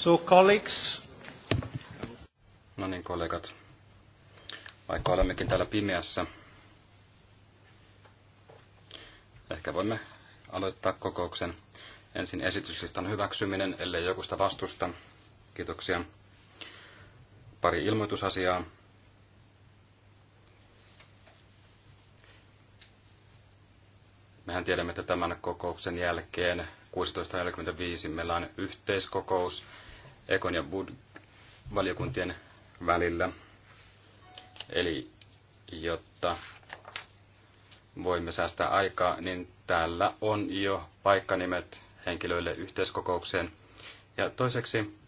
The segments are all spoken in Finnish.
So colleagues. No niin, kollegat. Vaikka olemmekin täällä pimeässä, ehkä voimme aloittaa kokouksen. Ensin esityslistan hyväksyminen, ellei joku sitä vastusta. Kiitoksia. Pari ilmoitusasiaa. Mehän tiedämme, että tämän kokouksen jälkeen 16.45 meillä on yhteiskokous Ekon ja Bud valiokuntien välillä. Eli jotta voimme säästää aikaa, niin täällä on jo paikkanimet henkilöille yhteiskokoukseen. Ja toiseksi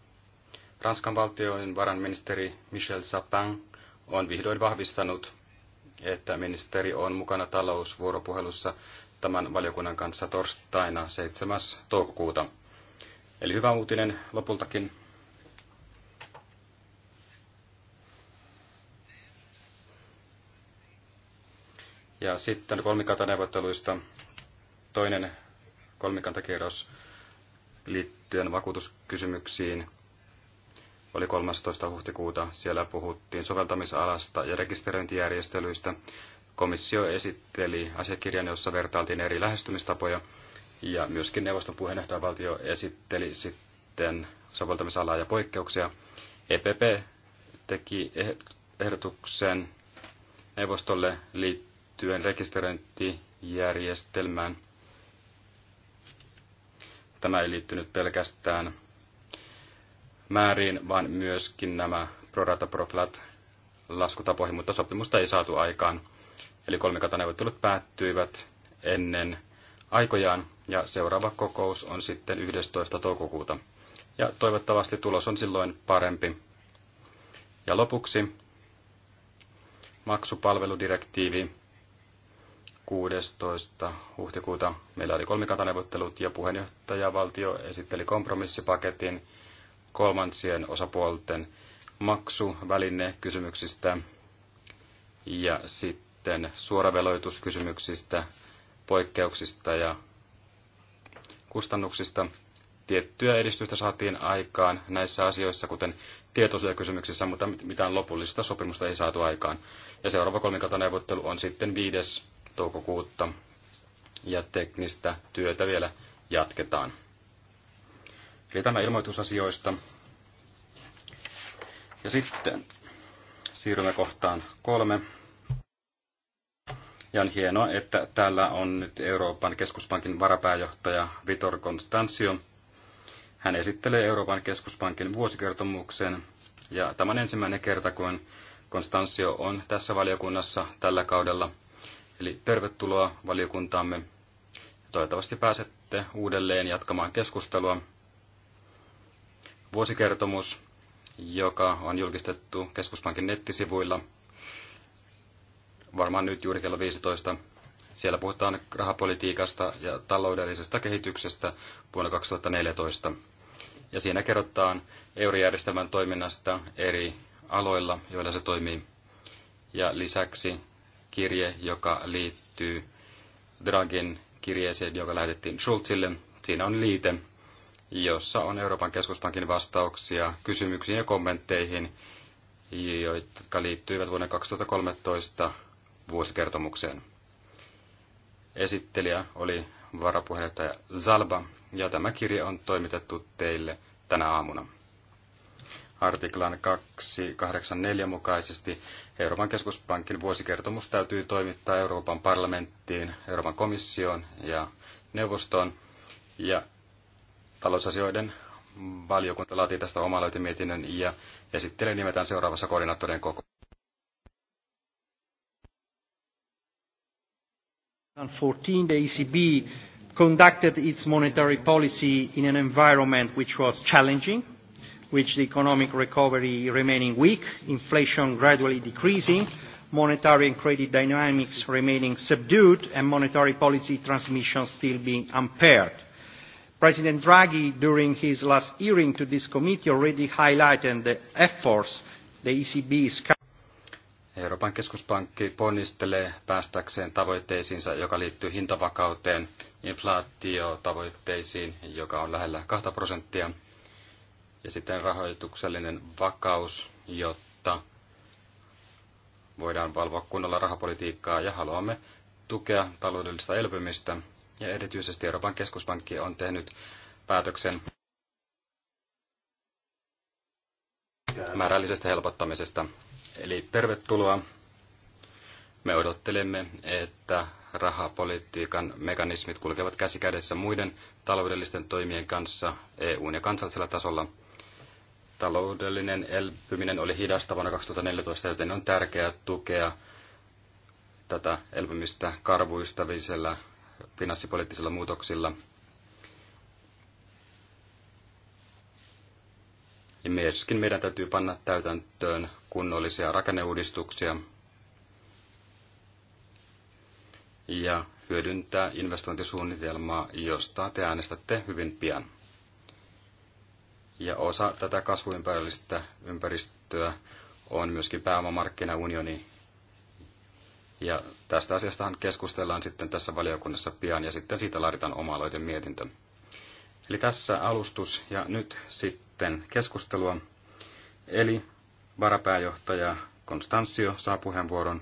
Ranskan valtion varanministeri Michel Sapin on vihdoin vahvistanut, että ministeri on mukana talousvuoropuhelussa tämän valiokunnan kanssa torstaina 7. toukokuuta. Eli hyvä uutinen lopultakin. Ja sitten kolmikantaneuvotteluista toinen kolmikantakierros liittyen vakuutuskysymyksiin oli 13. huhtikuuta. Siellä puhuttiin soveltamisalasta ja rekisteröintijärjestelyistä. Komissio esitteli asiakirjan, jossa vertailtiin eri lähestymistapoja, ja myöskin neuvoston puheenjohtaja valtio esitteli sitten soveltamisalaa ja poikkeuksia. EPP teki ehdotuksen neuvostolle liittyen liittyen rekisteröintijärjestelmään. Tämä ei liittynyt pelkästään määriin, vaan myöskin nämä prorata proflat laskutapoihin, mutta sopimusta ei saatu aikaan. Eli kolmikantaneuvottelut päättyivät ennen aikojaan ja seuraava kokous on sitten 11. toukokuuta. Ja toivottavasti tulos on silloin parempi. Ja lopuksi maksupalveludirektiivi 16. huhtikuuta meillä oli kolmikantaneuvottelut ja puheenjohtajavaltio esitteli kompromissipaketin kolmansien osapuolten maksuväline kysymyksistä ja sitten suoraveloituskysymyksistä, poikkeuksista ja kustannuksista. Tiettyä edistystä saatiin aikaan näissä asioissa, kuten tietosuojakysymyksissä, mutta mitään lopullista sopimusta ei saatu aikaan. Ja seuraava kolmikantaneuvottelu on sitten 5 toukokuutta ja teknistä työtä vielä jatketaan. Eli tämä ilmoitusasioista. Ja sitten siirrymme kohtaan kolme. Ja on hienoa, että täällä on nyt Euroopan keskuspankin varapääjohtaja Vitor Constancio. Hän esittelee Euroopan keskuspankin vuosikertomuksen. Ja tämä on ensimmäinen kerta, kun Konstansio on tässä valiokunnassa tällä kaudella – Eli tervetuloa valiokuntaamme. Toivottavasti pääsette uudelleen jatkamaan keskustelua. Vuosikertomus, joka on julkistettu keskuspankin nettisivuilla, varmaan nyt juuri kello 15. Siellä puhutaan rahapolitiikasta ja taloudellisesta kehityksestä vuonna 2014. Ja siinä kerrotaan eurojärjestelmän toiminnasta eri aloilla, joilla se toimii. Ja lisäksi kirje, joka liittyy Dragin kirjeeseen, joka lähetettiin Schulzille. Siinä on liite, jossa on Euroopan keskuspankin vastauksia kysymyksiin ja kommentteihin, jotka liittyivät vuoden 2013 vuosikertomukseen. Esittelijä oli varapuheenjohtaja Zalba, ja tämä kirje on toimitettu teille tänä aamuna artiklan 284 mukaisesti Euroopan keskuspankin vuosikertomus täytyy toimittaa Euroopan parlamenttiin, Euroopan komissioon ja neuvostoon. Ja talousasioiden valiokunta laatii tästä oma mietinnön ja esittelee nimetään seuraavassa koordinaattorien koko. On 14, the ECB conducted its monetary policy in an environment which was challenging with the economic recovery remaining weak, inflation gradually decreasing, monetary and credit dynamics remaining subdued, and monetary policy transmission still being impaired. President Draghi, during his last hearing to this committee, already highlighted the efforts the ECB is Euroopan keskuspankki ponnistelee päästäkseen tavoitteisiinsa, joka liittyy hintavakauteen, inflaatiotavoitteisiin, joka on lähellä 2 prosenttia, ja sitten rahoituksellinen vakaus, jotta voidaan valvoa kunnolla rahapolitiikkaa ja haluamme tukea taloudellista elpymistä. Ja erityisesti Euroopan keskuspankki on tehnyt päätöksen määrällisestä helpottamisesta. Eli tervetuloa. Me odottelemme, että rahapolitiikan mekanismit kulkevat käsi kädessä muiden taloudellisten toimien kanssa EUn ja kansallisella tasolla – taloudellinen elpyminen oli hidasta vuonna 2014, joten on tärkeää tukea tätä elpymistä karvuistavisella finanssipoliittisilla muutoksilla. Ja myöskin meidän täytyy panna täytäntöön kunnollisia rakenneuudistuksia ja hyödyntää investointisuunnitelmaa, josta te äänestätte hyvin pian. Ja osa tätä kasvuympäristöä ympäristöä on myöskin pääomamarkkinaunioni. Ja tästä asiastahan keskustellaan sitten tässä valiokunnassa pian ja sitten siitä laaditaan oma mietintö. Eli tässä alustus ja nyt sitten keskustelua. Eli varapääjohtaja Konstanssio saa puheenvuoron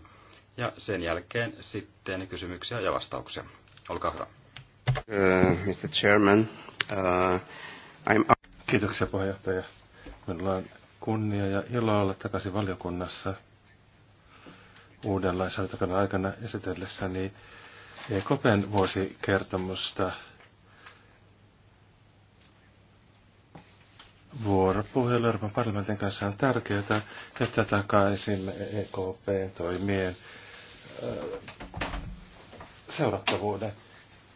ja sen jälkeen sitten kysymyksiä ja vastauksia. Olkaa hyvä. Uh, Mr. Chairman, uh, I'm... Kiitoksia puheenjohtaja. Minulla on kunnia ja ilo olla takaisin valiokunnassa uuden lainsäädäntökauden aikana esitellessäni EKPn vuosikertomusta Vuoropuhelu Euroopan parlamentin kanssa on tärkeää, että takaisin EKPn toimien äh, seurattavuuden.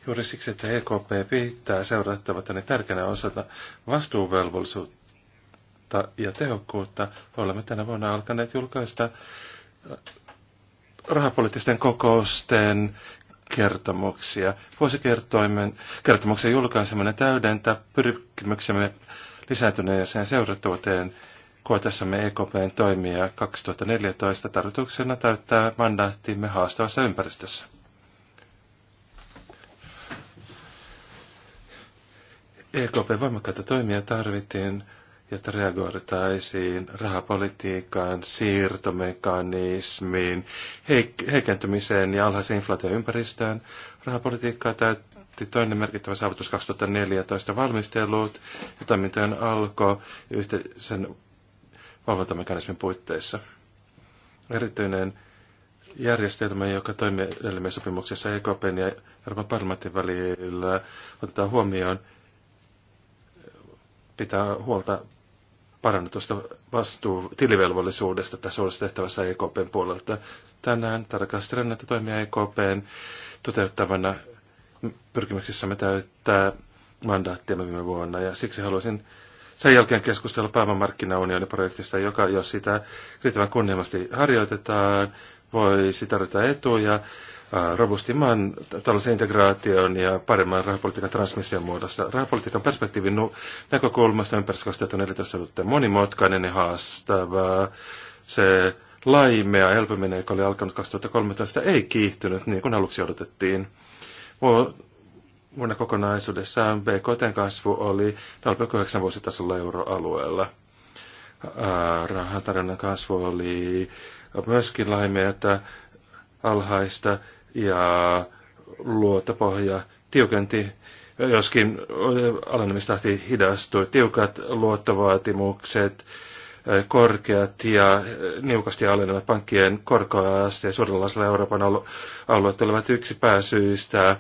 Juuri siksi, että EKP pitää seurattavatani niin tärkeänä osana vastuuvelvollisuutta ja tehokkuutta, olemme tänä vuonna alkaneet julkaista äh, rahapoliittisten kokousten kertomuksia. Vuosikertoimen kertomuksen julkaiseminen täydentää pyrkimyksemme lisääntyneeseen seurattavuuteen koetessamme EKPn toimia 2014 tarkoituksena täyttää mandaattimme haastavassa ympäristössä. EKP voimakkaita toimia tarvittiin, jotta reagoitaisiin rahapolitiikkaan, siirtomekanismiin, heik- heikentymiseen ja alhaisen inflaatioympäristöön. Rahapolitiikkaa täytti toinen merkittävä saavutus 2014 valmistelut ja toimintojen alko yhteisen valvontamekanismin puitteissa. Erityinen järjestelmä, joka toimielimen sopimuksessa EKPn ja Euroopan parlamentin välillä otetaan huomioon – pitää huolta parannetusta vastuu tilivelvollisuudesta tässä olisi tehtävässä EKPn puolelta. Tänään tarkastelen näitä toimia EKPn toteuttavana pyrkimyksissämme täyttää mandaattia viime vuonna ja siksi haluaisin sen jälkeen keskustella pääomamarkkinaunionin projektista, joka jos sitä riittävän kunnianhimoisesti harjoitetaan, voi tarjota etuja Äh, robustimman tällaisen integraation ja paremman rahapolitiikan transmission muodossa. Rahapolitiikan perspektiivin näkökulmasta on erityisesti on monimutkainen ja haastava. Se laimea elpyminen, joka oli alkanut 2013, ei kiihtynyt niin kuin aluksi odotettiin. Vuonna kokonaisuudessaan BKTn kasvu oli 0,9 vuositasolla euroalueella. Äh, Rahatarjonnan kasvu oli myöskin laimeata alhaista ja luotapohja tiukenti, joskin alenemistahti hidastui. Tiukat luottovaatimukset, korkeat ja niukasti alenevat pankkien korkoaste suurenlaisella Euroopan alueet olivat yksi pääsyistä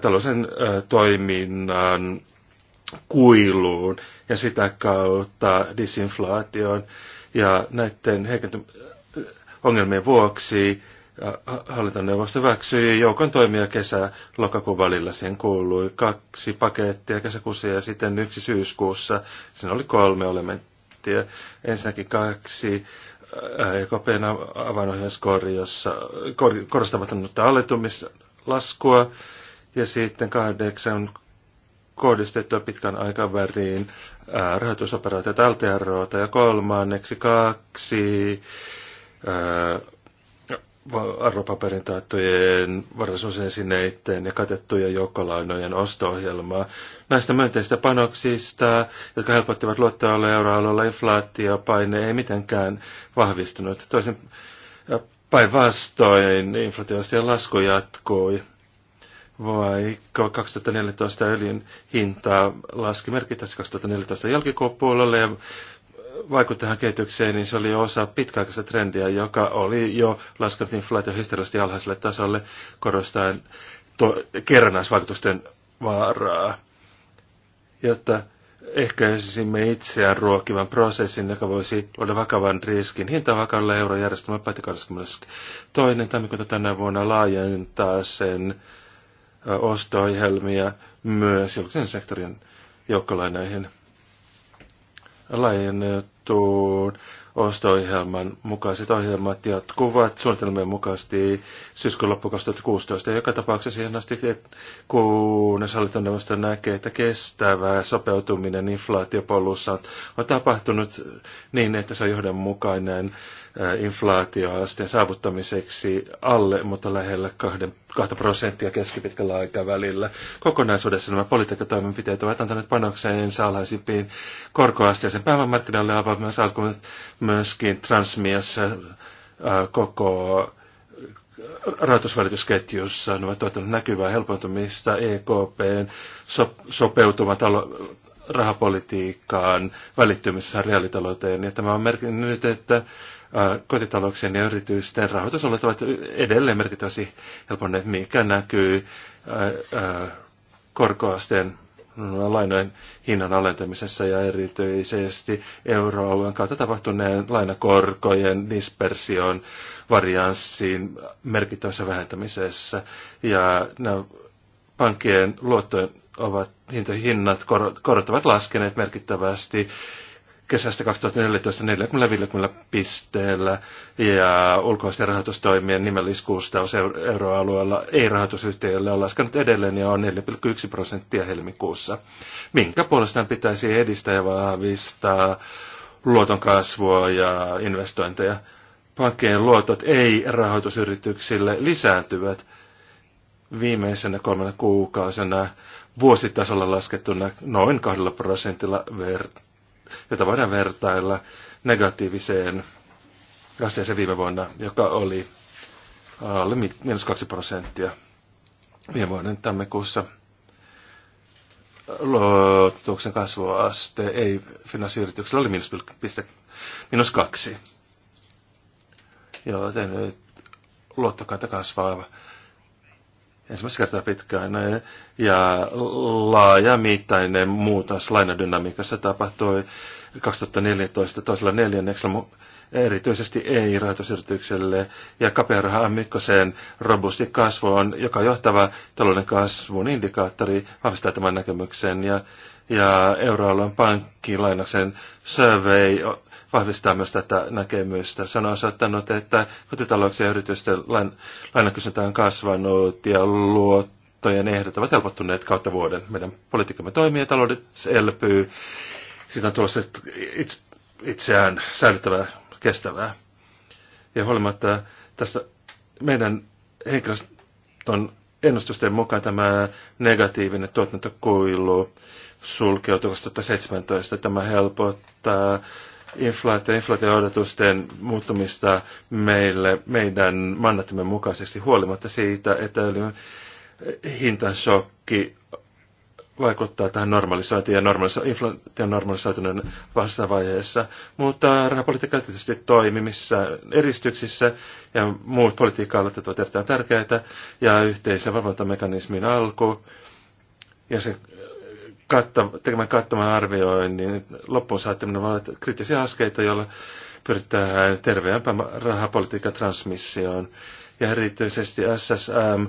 talousen toiminnan kuiluun ja sitä kautta disinflaation ja näiden heikentymisen ongelmien vuoksi Hallintoneuvosto hyväksyi joukon toimia kesä-lokakuun välillä. Siihen kuului kaksi pakettia kesäkuussa ja sitten yksi syyskuussa. Siinä oli kolme elementtiä. Ensinnäkin kaksi EKPn avainohjauskori, jossa korostamatonta alentumislaskua ja sitten kahdeksan kohdistettua pitkän aikaväriin rahoitusoperaatiota LTRO ja kolmanneksi kaksi ää, arvopaperintaattojen taattujen varallisuusesineiden ja katettujen joukkolainojen osto-ohjelmaa. Näistä myönteistä panoksista, jotka helpottivat luottoalueella euroalueella, inflaatiopaine ei mitenkään vahvistunut. Toisin päinvastoin inflaatioasteen lasku jatkui, vaikka 2014 öljyn hinta laski merkittävästi 2014 jälkikuun puolelle ja vaikutti tähän kehitykseen, niin se oli osa pitkäaikaista trendiä, joka oli jo laskenut inflaatio historiallisesti alhaiselle tasolle korostaen to- kerrannaisvaikutusten vaaraa, jotta ehkäisimme itseään ruokivan prosessin, joka voisi olla vakavan riskin. vakalle eurojärjestelmä päätti 22. tammikuuta tänä vuonna laajentaa sen osto myös julkisen sektorin joukkolainoihin – laajennettuun osto-ohjelman mukaiset ohjelmat jatkuvat suunnitelmien mukaisesti syyskuun loppu 2016. Ja joka tapauksessa siihen asti, kun hallintoneuvosto näkee, että kestävä sopeutuminen inflaatiopolussa on tapahtunut niin, että se on johdonmukainen inflaatioasteen saavuttamiseksi alle, mutta lähellä 2 prosenttia keskipitkällä aikavälillä. Kokonaisuudessa nämä politiikkatoimenpiteet ovat antaneet ensi alhaisimpiin korkoasteeseen päivämarkkinoille ja ovat myös alkuun myöskin transmiassa koko rahoitusvälitysketjussa. Ne ovat tuottaneet näkyvää helpontumista EKPn so, sopeutuvan talo, rahapolitiikkaan välittymisessä reaalitalouteen. Ja tämä on merkinnyt, että kotitalouksien ja yritysten rahoitusolot ovat edelleen merkittävästi helponneet, mikä näkyy korkoasteen lainojen hinnan alentamisessa ja erityisesti euroalueen kautta tapahtuneen lainakorkojen dispersion varianssiin merkittävässä vähentämisessä. Ja nämä pankkien luottojen ovat, hinnat korot ovat laskeneet merkittävästi kesästä 2014 40 pisteellä ja ulkoisten rahoitustoimien nimelliskuustaus euroalueella ei-rahoitusyhtiöille on laskenut edelleen ja on 4,1 prosenttia helmikuussa, minkä puolestaan pitäisi edistää ja vahvistaa luoton kasvua ja investointeja. Pankkien luotot ei-rahoitusyrityksille lisääntyvät viimeisenä kolmena kuukausena vuositasolla laskettuna noin kahdella prosentilla verrattuna jota voidaan vertailla negatiiviseen aseeseen viime vuonna, joka oli alle miinus 2 prosenttia viime vuoden tammikuussa. Luotuksen kasvuaste ei finanssiyrityksellä oli miinus, piste, miinus kaksi. Joten nyt luottokanta kasvaa ensimmäistä kertaa pitkään. Eh, ja laajamittainen muutos lainadynamiikassa tapahtui 2014 toisella neljänneksellä erityisesti ei-rahoitusyritykselle ja kapearaha mikkoseen robusti kasvu on, joka johtava talouden kasvun indikaattori, vahvistaa tämän näkemyksen ja, ja euroalueen pankkilainaksen survey vahvistaa myös tätä näkemystä. Se on osoittanut, että kotitalouksien ja yritysten lain, lainakysyntä on kasvanut ja luottojen ehdot ovat helpottuneet kautta vuoden. Meidän politiikkamme toimii ja taloudet elpyy. Siitä on tulossa itseään säilyttävää, kestävää. Ja huolimatta tästä meidän henkilöstön ennustusten mukaan tämä negatiivinen tuotantokuilu sulkeutuu 2017. Tämä helpottaa inflaatio, inflaatio-odotusten muuttumista meille, meidän mandattimme mukaisesti huolimatta siitä, että hintasokki vaikuttaa tähän normalisointiin ja normalisa- inflaation normalisoituneen vastavaiheessa. Mutta rahapolitiikka tietysti toimi missä eristyksissä ja muut politiikka ovat erittäin tärkeitä ja yhteisen valvontamekanismin alku ja se katta, tekemään kattavan niin loppuun saattaminen ovat kriittisiä askeita, joilla pyritään terveempään rahapolitiikan transmissioon. Ja erityisesti SSM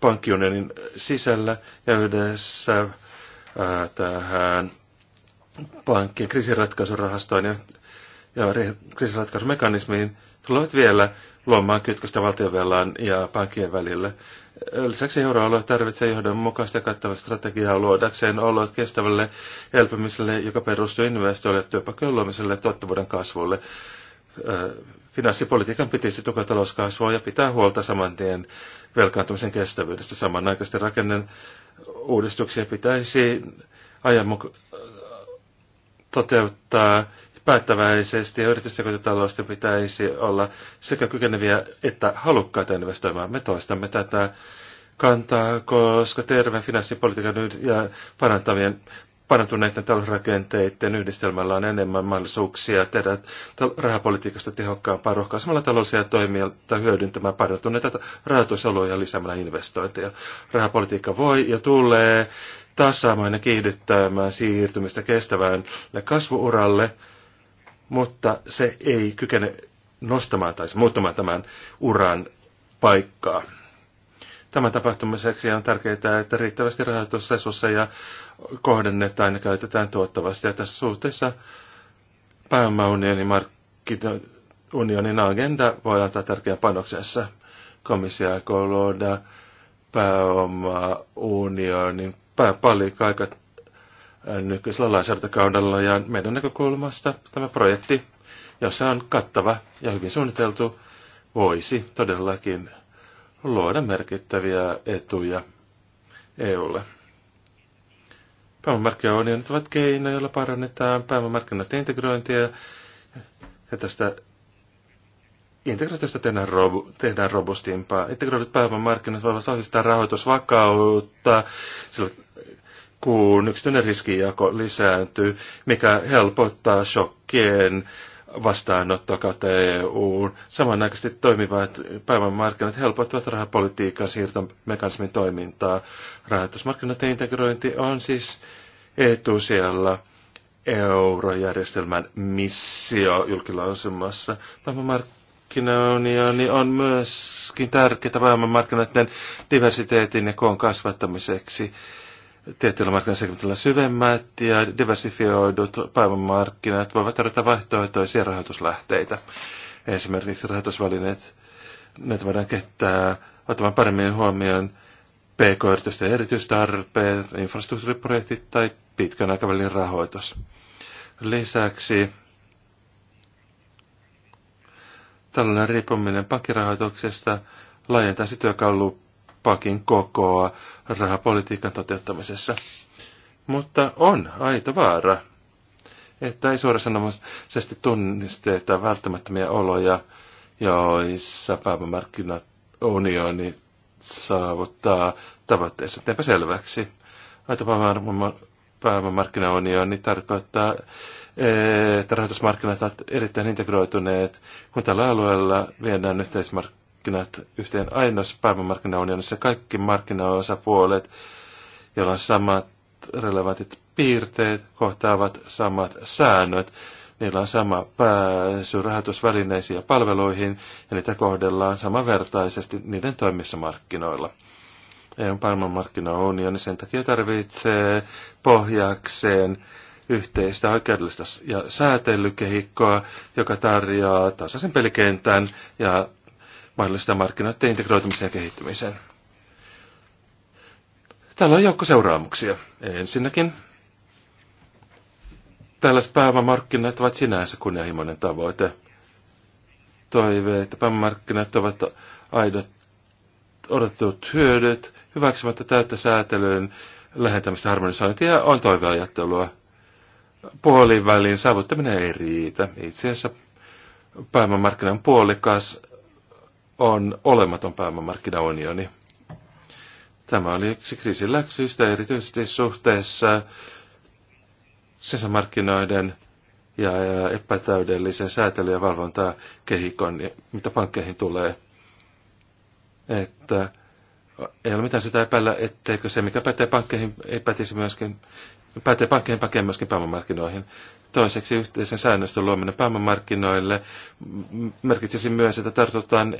pankkiunionin sisällä ja yhdessä ää, tähän pankkien kriisiratkaisurahastoon ja, ja kriisiratkaisumekanismiin tulevat vielä luomaan kytköstä valtionvelan ja pankkien välillä. Lisäksi euroalue tarvitsee johdonmukaista ja kattavaa strategiaa luodakseen olot kestävälle elpymiselle, joka perustuu investoille, työpaikkojen luomiselle ja tuottavuuden kasvulle. Finanssipolitiikan pitäisi tukea talouskasvua ja pitää huolta saman tien velkaantumisen kestävyydestä. Samanaikaisesti rakennen uudistuksia pitäisi ajanmuk- toteuttaa päättäväisesti ja yritysten pitäisi olla sekä kykeneviä että halukkaita investoimaan. Me toistamme tätä kantaa, koska terveen finanssipolitiikan ja parantavien parantuneiden talousrakenteiden yhdistelmällä on enemmän mahdollisuuksia tehdä rahapolitiikasta tehokkaampaa rohkaisemalla taloudellisia toimia hyödyntämään parantuneita rahoitusoloja lisäämällä investointeja. Rahapolitiikka voi ja tulee tasaamaan ja kiihdyttämään siirtymistä kestävään kasvuuralle mutta se ei kykene nostamaan tai muuttamaan tämän uran paikkaa. Tämän tapahtumiseksi on tärkeää, että riittävästi rahoitusresursseja kohdennetaan ja käytetään tuottavasti. Ja tässä suhteessa pääomaunionin markkinaunionin agenda voi antaa tärkeän panoksessa. Komissio aikoo luoda pääomaunionin pääpalikaikat nykyisellä lainsäädäntökaudella ja meidän näkökulmasta tämä projekti, jossa on kattava ja hyvin suunniteltu, voisi todellakin luoda merkittäviä etuja EUlle. Pääomamarkkinaunionit ovat keino, jolla parannetaan pääomamarkkinoiden integrointia ja tästä integraatiosta tehdään, robu, tehdään robustimpaa. Integroidut pääomamarkkinat voivat vahvistaa rahoitusvakautta, sillä kun yksityinen riskijako lisääntyy, mikä helpottaa shokkien vastaanottoa kautta EUn. Samanaikaisesti toimivat päivänmarkkinat helpottavat rahapolitiikan siirtomekanismin toimintaa. Rahoitusmarkkinoiden integrointi on siis etusijalla eurojärjestelmän missio julkilausumassa. Maailmanmarkkinaunioni on myöskin tärkeää maailmanmarkkinoiden diversiteetin ja koon kasvattamiseksi tietyillä markkinasegmentillä syvemmät ja diversifioidut päivämarkkinat voivat tarjota vaihtoehtoisia rahoituslähteitä. Esimerkiksi rahoitusvälineet, ne voidaan kehittää ottamaan paremmin huomioon PK-yritysten erityistarpeet, infrastruktuuriprojektit tai pitkän aikavälin rahoitus. Lisäksi tällainen riippuminen pankkirahoituksesta laajentaisi työkalu pakin kokoa rahapolitiikan toteuttamisessa. Mutta on aito vaara, että ei suorasanomaisesti tunnisteta välttämättömiä oloja, joissa pääomamarkkinaunioni saavuttaa tavoitteensa. Teepä selväksi. Aito pääomamarkkinaunioni tarkoittaa, että rahoitusmarkkinat ovat erittäin integroituneet, kun tällä alueella viedään yhteismarkkinoita markkinat yhteen ainoassa päivämarkkinaunionissa. Kaikki markkinaosapuolet, joilla on samat relevantit piirteet, kohtaavat samat säännöt. Niillä on sama pääsy rahoitusvälineisiin ja palveluihin, ja niitä kohdellaan samanvertaisesti niiden toimissa markkinoilla. EUn maailmanmarkkinaunioni sen takia tarvitsee pohjakseen yhteistä oikeudellista ja säätelykehikkoa, joka tarjoaa tasaisen pelikentän ja mahdollistaa markkinoiden integroitumisen ja kehittymiseen. Täällä on joukko seuraamuksia. Ensinnäkin tällaiset pääomamarkkinat ovat sinänsä kunnianhimoinen tavoite. Toive, että pääomamarkkinat ovat aidot odotetut hyödyt, hyväksymättä täyttä säätelyyn lähentämistä harmonisointia on toiveajattelua. Puolivälin saavuttaminen ei riitä. Itse asiassa pääomamarkkinan puolikas on olematon pääomamarkkinaunioni. Tämä oli yksi kriisin läksyistä erityisesti suhteessa sisämarkkinoiden ja epätäydellisen säätely- ja valvontaa kehikon, mitä pankkeihin tulee. Että ei ole mitään sitä epäillä, etteikö se, mikä pätee pankkeihin, ei pätisi myöskin pätee pankkien pätee myöskin pääomamarkkinoihin. Toiseksi yhteisen säännöstön luominen pääomamarkkinoille merkitsisi myös, että tartutaan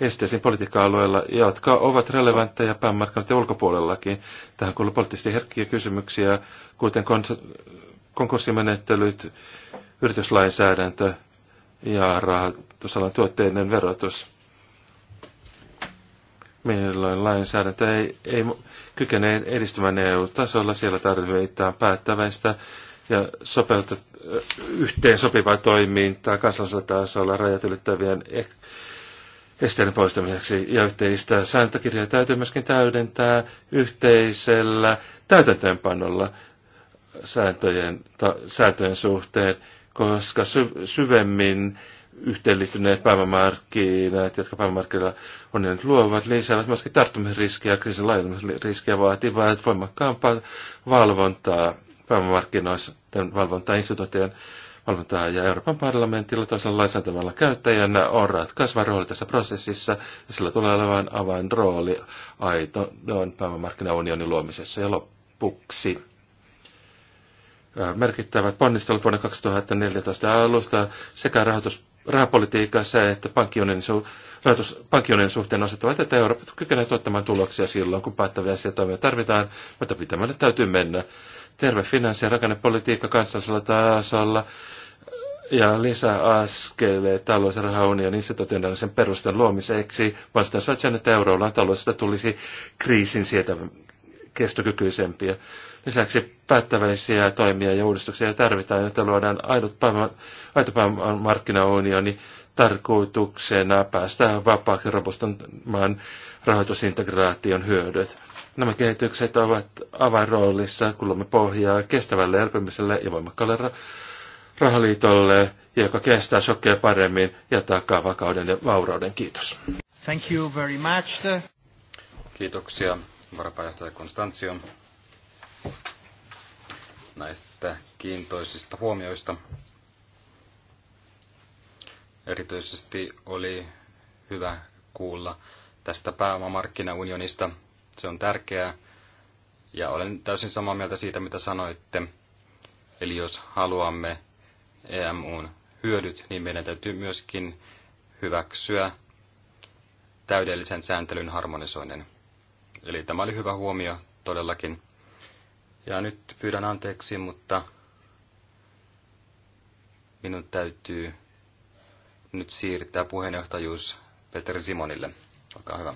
esteisiin politiikka-alueilla, jotka ovat relevantteja pääomamarkkinoiden ulkopuolellakin. Tähän kuuluu poliittisesti herkkiä kysymyksiä, kuten konkurssimenettelyt, yrityslainsäädäntö ja rahoitusalan tuotteiden verotus. Milloin lainsäädäntö ei, ei kykenee edistämään EU-tasolla. Siellä tarvitaan päättäväistä ja sopeuta yhteen sopivaa toimintaa kansallisella tasolla rajat ylittävien e-, esteiden poistamiseksi ja yhteistä sääntökirjaa täytyy myöskin täydentää yhteisellä täytäntöönpanolla sääntöjen, ta, sääntöjen suhteen, koska syvemmin yhteenliittyneet päivämarkkinat, jotka päivämarkkinoilla on ne nyt luovat, lisäävät myöskin tarttumisriskiä riskiä ja kriisin laajenemisen riskiä vaativat voimakkaampaa valvontaa päivämarkkinoissa, valvontaa, valvontaa ja Euroopan parlamentilla toisella lainsäätämällä käyttäjänä on ratkaisva rooli tässä prosessissa ja sillä tulee olemaan avainrooli aitoon päivämarkkinaunionin luomisessa ja lopuksi merkittävät ponnistelut vuonna 2014 alusta sekä rahoitus rahapolitiikassa että pankkiunin, su, rahoitus, pankkiunin suhteen asettavat, että Eurooppa kykenee tuottamaan tuloksia silloin, kun päättäviä asia toimia tarvitaan, mutta pitämällä täytyy mennä. Terve finanssi- ja rakennepolitiikka kansallisella tasolla ja lisäaskeleet talous- ja rahaunion institutionaalisen perustan luomiseksi vastaisivat sen, että eurolla taloudesta tulisi kriisin sietävä kestokykyisempiä. Lisäksi päättäväisiä toimia ja uudistuksia tarvitaan, joita luodaan aito markkinaunioni tarkoituksena päästä vapaaksi robustamaan rahoitusintegraation hyödyt. Nämä kehitykset ovat avainroolissa, kulumme pohjaa kestävälle elpymiselle ja voimakkaalle ra- rahaliitolle, joka kestää shokkeja paremmin ja takaa vakauden ja vaurauden. Kiitos. Thank you very much. Kiitoksia, varapääjohtaja Konstantio näistä kiintoisista huomioista. Erityisesti oli hyvä kuulla tästä pääomamarkkinaunionista. Se on tärkeää ja olen täysin samaa mieltä siitä, mitä sanoitte. Eli jos haluamme EMUn hyödyt, niin meidän täytyy myöskin hyväksyä täydellisen sääntelyn harmonisoinnin. Eli tämä oli hyvä huomio todellakin. Ja nyt pyydän anteeksi, mutta minun täytyy nyt siirtää puheenjohtajuus Peter Simonille. Olkaa hyvä.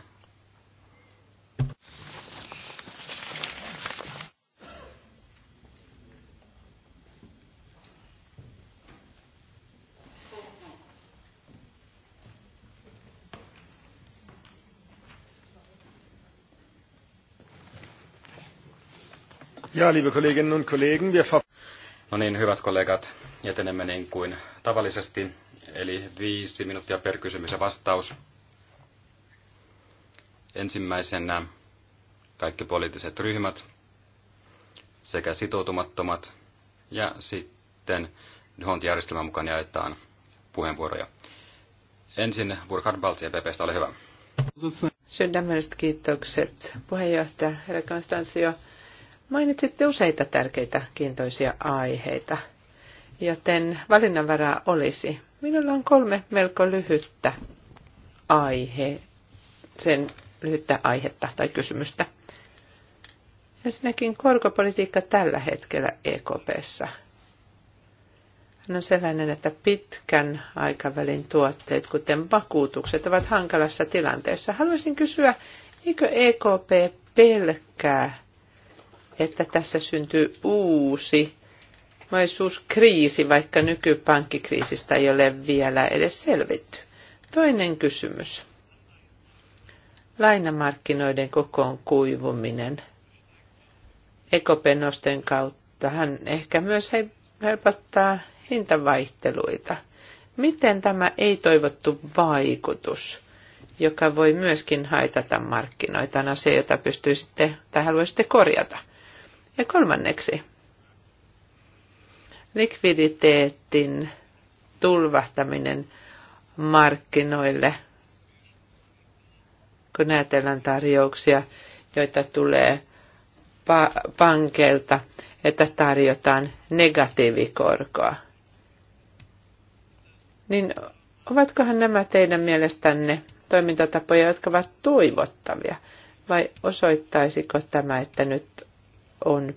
Ja, liebe Kolleginnen und Kollegen, wir No niin, hyvät kollegat, etenemme niin kuin tavallisesti, eli viisi minuuttia per kysymys ja vastaus. Ensimmäisenä kaikki poliittiset ryhmät sekä sitoutumattomat ja sitten DHONT-järjestelmän mukaan jaetaan puheenvuoroja. Ensin Burkhard Baltz EPPstä, ole hyvä. Sydämelliset kiitokset puheenjohtaja herra Konstantio Mainitsitte useita tärkeitä kiintoisia aiheita, joten valinnanvaraa olisi. Minulla on kolme melko lyhyttä aihe, sen lyhyttä aihetta tai kysymystä. Ensinnäkin korkopolitiikka tällä hetkellä EKPssä. Hän on sellainen, että pitkän aikavälin tuotteet, kuten vakuutukset, ovat hankalassa tilanteessa. Haluaisin kysyä, eikö EKP pelkää että tässä syntyy uusi mahdollisuuskriisi, vaikka nykypankkikriisistä ei ole vielä edes selvitty. Toinen kysymys. Lainamarkkinoiden kokoon kuivuminen. Ekopenosten kautta hän ehkä myös helpottaa hintavaihteluita. Miten tämä ei-toivottu vaikutus, joka voi myöskin haitata markkinoita, on jota pystyisitte tai haluaisitte korjata? Ja kolmanneksi, likviditeetin tulvahtaminen markkinoille, kun ajatellaan tarjouksia, joita tulee pa- pankeilta, että tarjotaan negatiivikorkoa. Niin ovatkohan nämä teidän mielestänne toimintatapoja, jotka ovat toivottavia? Vai osoittaisiko tämä, että nyt on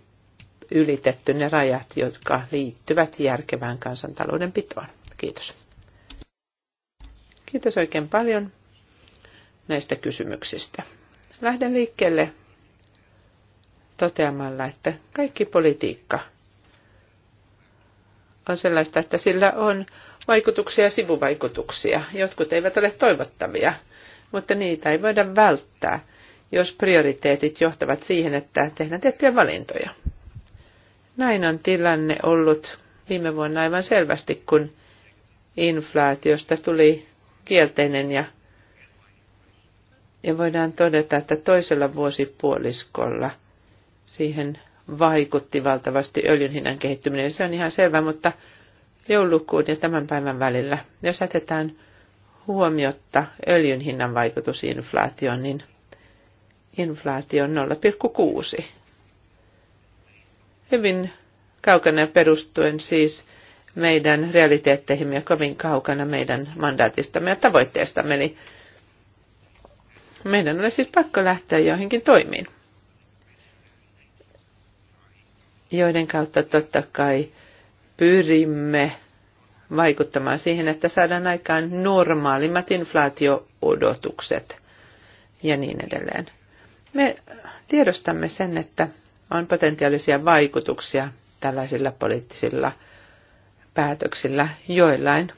ylitetty ne rajat, jotka liittyvät järkevään kansantalouden pitoon. Kiitos. Kiitos oikein paljon näistä kysymyksistä. Lähden liikkeelle toteamalla, että kaikki politiikka on sellaista, että sillä on vaikutuksia ja sivuvaikutuksia. Jotkut eivät ole toivottavia, mutta niitä ei voida välttää jos prioriteetit johtavat siihen, että tehdään tiettyjä valintoja. Näin on tilanne ollut viime vuonna aivan selvästi, kun inflaatiosta tuli kielteinen ja, ja voidaan todeta, että toisella vuosipuoliskolla siihen vaikutti valtavasti öljyn hinnan kehittyminen. Se on ihan selvä, mutta joulukuun ja tämän päivän välillä, jos jätetään huomiotta öljyn hinnan vaikutus inflaatioon, niin inflaatio 0,6. Hyvin kaukana perustuen siis meidän realiteetteihin ja kovin kaukana meidän mandaatistamme ja tavoitteistamme. Eli meidän olisi siis pakko lähteä joihinkin toimiin, joiden kautta totta kai pyrimme vaikuttamaan siihen, että saadaan aikaan normaalimmat inflaatioodotukset ja niin edelleen. Me tiedostamme sen, että on potentiaalisia vaikutuksia tällaisilla poliittisilla päätöksillä joillain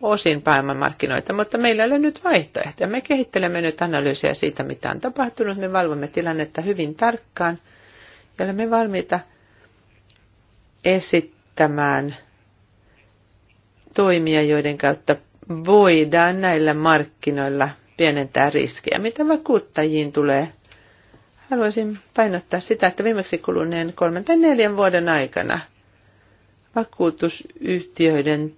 osin maailmanmarkkinoita, mutta meillä ei ole nyt vaihtoehtoja. Me kehittelemme nyt analyysiä siitä, mitä on tapahtunut. Me valvomme tilannetta hyvin tarkkaan ja olemme valmiita esittämään toimia, joiden kautta voidaan näillä markkinoilla pienentää riskejä. Mitä vakuuttajiin tulee, Haluaisin painottaa sitä, että viimeksi kuluneen kolmen tai neljän vuoden aikana vakuutusyhtiöiden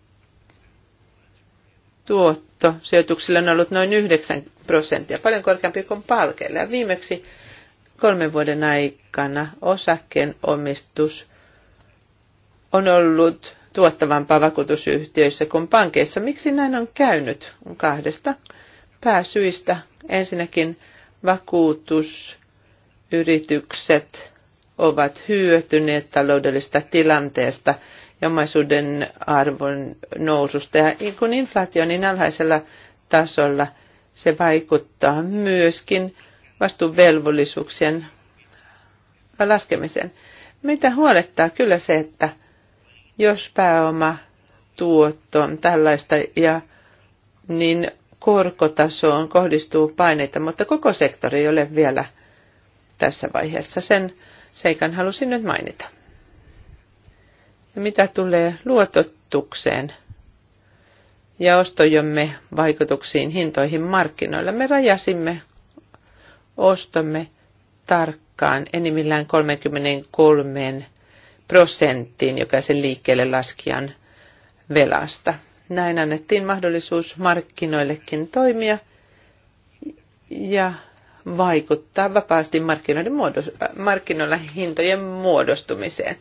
tuotto sijoituksilla on ollut noin 9 prosenttia, paljon korkeampi kuin palkeilla. viimeksi kolmen vuoden aikana osakkeen omistus on ollut tuottavampaa vakuutusyhtiöissä kuin pankeissa. Miksi näin on käynyt? On kahdesta pääsyistä. Ensinnäkin vakuutus yritykset ovat hyötyneet taloudellisesta tilanteesta ja omaisuuden arvon noususta. Ja kun inflaatio on niin alhaisella tasolla, se vaikuttaa myöskin vastuuvelvollisuuksien laskemiseen. Mitä huolettaa kyllä se, että jos pääoma tuotto on tällaista ja niin korkotasoon kohdistuu paineita, mutta koko sektori ei ole vielä – tässä vaiheessa. Sen seikan halusin nyt mainita. Ja mitä tulee luototukseen ja ostojemme vaikutuksiin hintoihin markkinoilla, me rajasimme ostomme tarkkaan enimmillään 33 prosenttiin jokaisen liikkeelle laskijan velasta. Näin annettiin mahdollisuus markkinoillekin toimia ja vaikuttaa vapaasti markkinoiden muodos- markkinoilla hintojen muodostumiseen.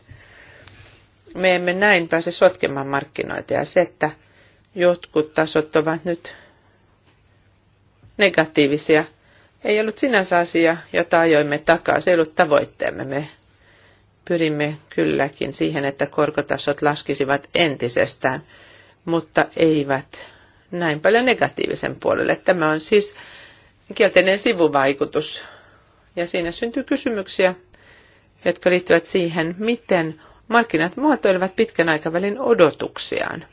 Me emme näin pääse sotkemaan markkinoita ja se, että jotkut tasot ovat nyt negatiivisia, ei ollut sinänsä asia, jota ajoimme takaa. Se ei ollut tavoitteemme. Me pyrimme kylläkin siihen, että korkotasot laskisivat entisestään, mutta eivät näin paljon negatiivisen puolelle. Tämä on siis kielteinen sivuvaikutus. Ja siinä syntyy kysymyksiä, jotka liittyvät siihen, miten markkinat muotoilevat pitkän aikavälin odotuksiaan.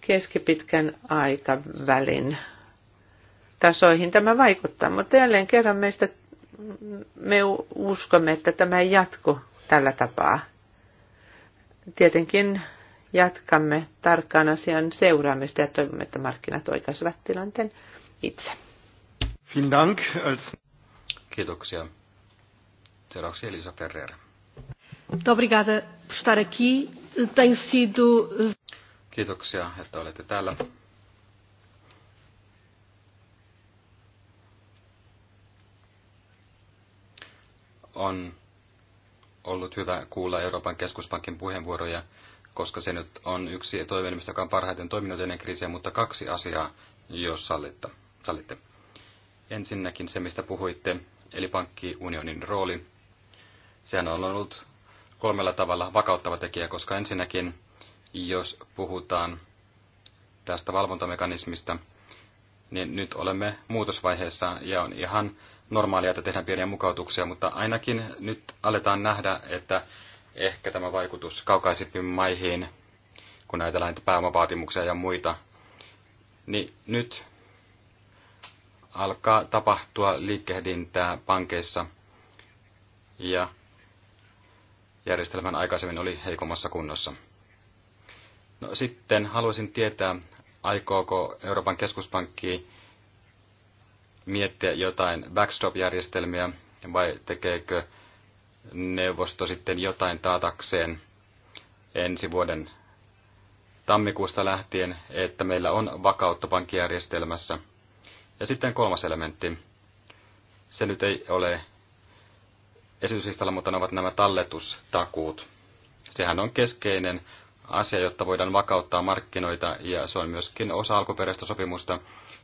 Keskipitkän aikavälin tasoihin tämä vaikuttaa, mutta jälleen kerran meistä me uskomme, että tämä ei jatku tällä tapaa. Tietenkin jatkamme tarkkaan asian seuraamista ja toivomme, että markkinat oikaisivat tilanteen itse. Vielen Dank. Als... Kiitoksia. Seuraavaksi Elisa obrigada por estar Tenho sido... Kiitoksia, että olette täällä. On ollut hyvä kuulla Euroopan keskuspankin puheenvuoroja, koska se nyt on yksi toiveelimistä, joka on parhaiten toiminut ennen kriisiä, mutta kaksi asiaa, jos sallitte. Ensinnäkin se, mistä puhuitte, eli pankkiunionin rooli. Sehän on ollut kolmella tavalla vakauttava tekijä, koska ensinnäkin, jos puhutaan tästä valvontamekanismista, niin nyt olemme muutosvaiheessa ja on ihan normaalia, että tehdään pieniä mukautuksia, mutta ainakin nyt aletaan nähdä, että ehkä tämä vaikutus kaukaisimpiin maihin, kun ajatellaan pääomavaatimuksia ja muita, niin nyt alkaa tapahtua liikehdintää pankeissa ja järjestelmän aikaisemmin oli heikommassa kunnossa. No, sitten haluaisin tietää, aikooko Euroopan keskuspankki miettiä jotain backstop-järjestelmiä vai tekeekö neuvosto sitten jotain taatakseen ensi vuoden tammikuusta lähtien, että meillä on vakautta pankkijärjestelmässä – ja sitten kolmas elementti. Se nyt ei ole esityslistalla, mutta ne ovat nämä talletustakuut. Sehän on keskeinen asia, jotta voidaan vakauttaa markkinoita ja se on myöskin osa alkuperäistä sopimusta.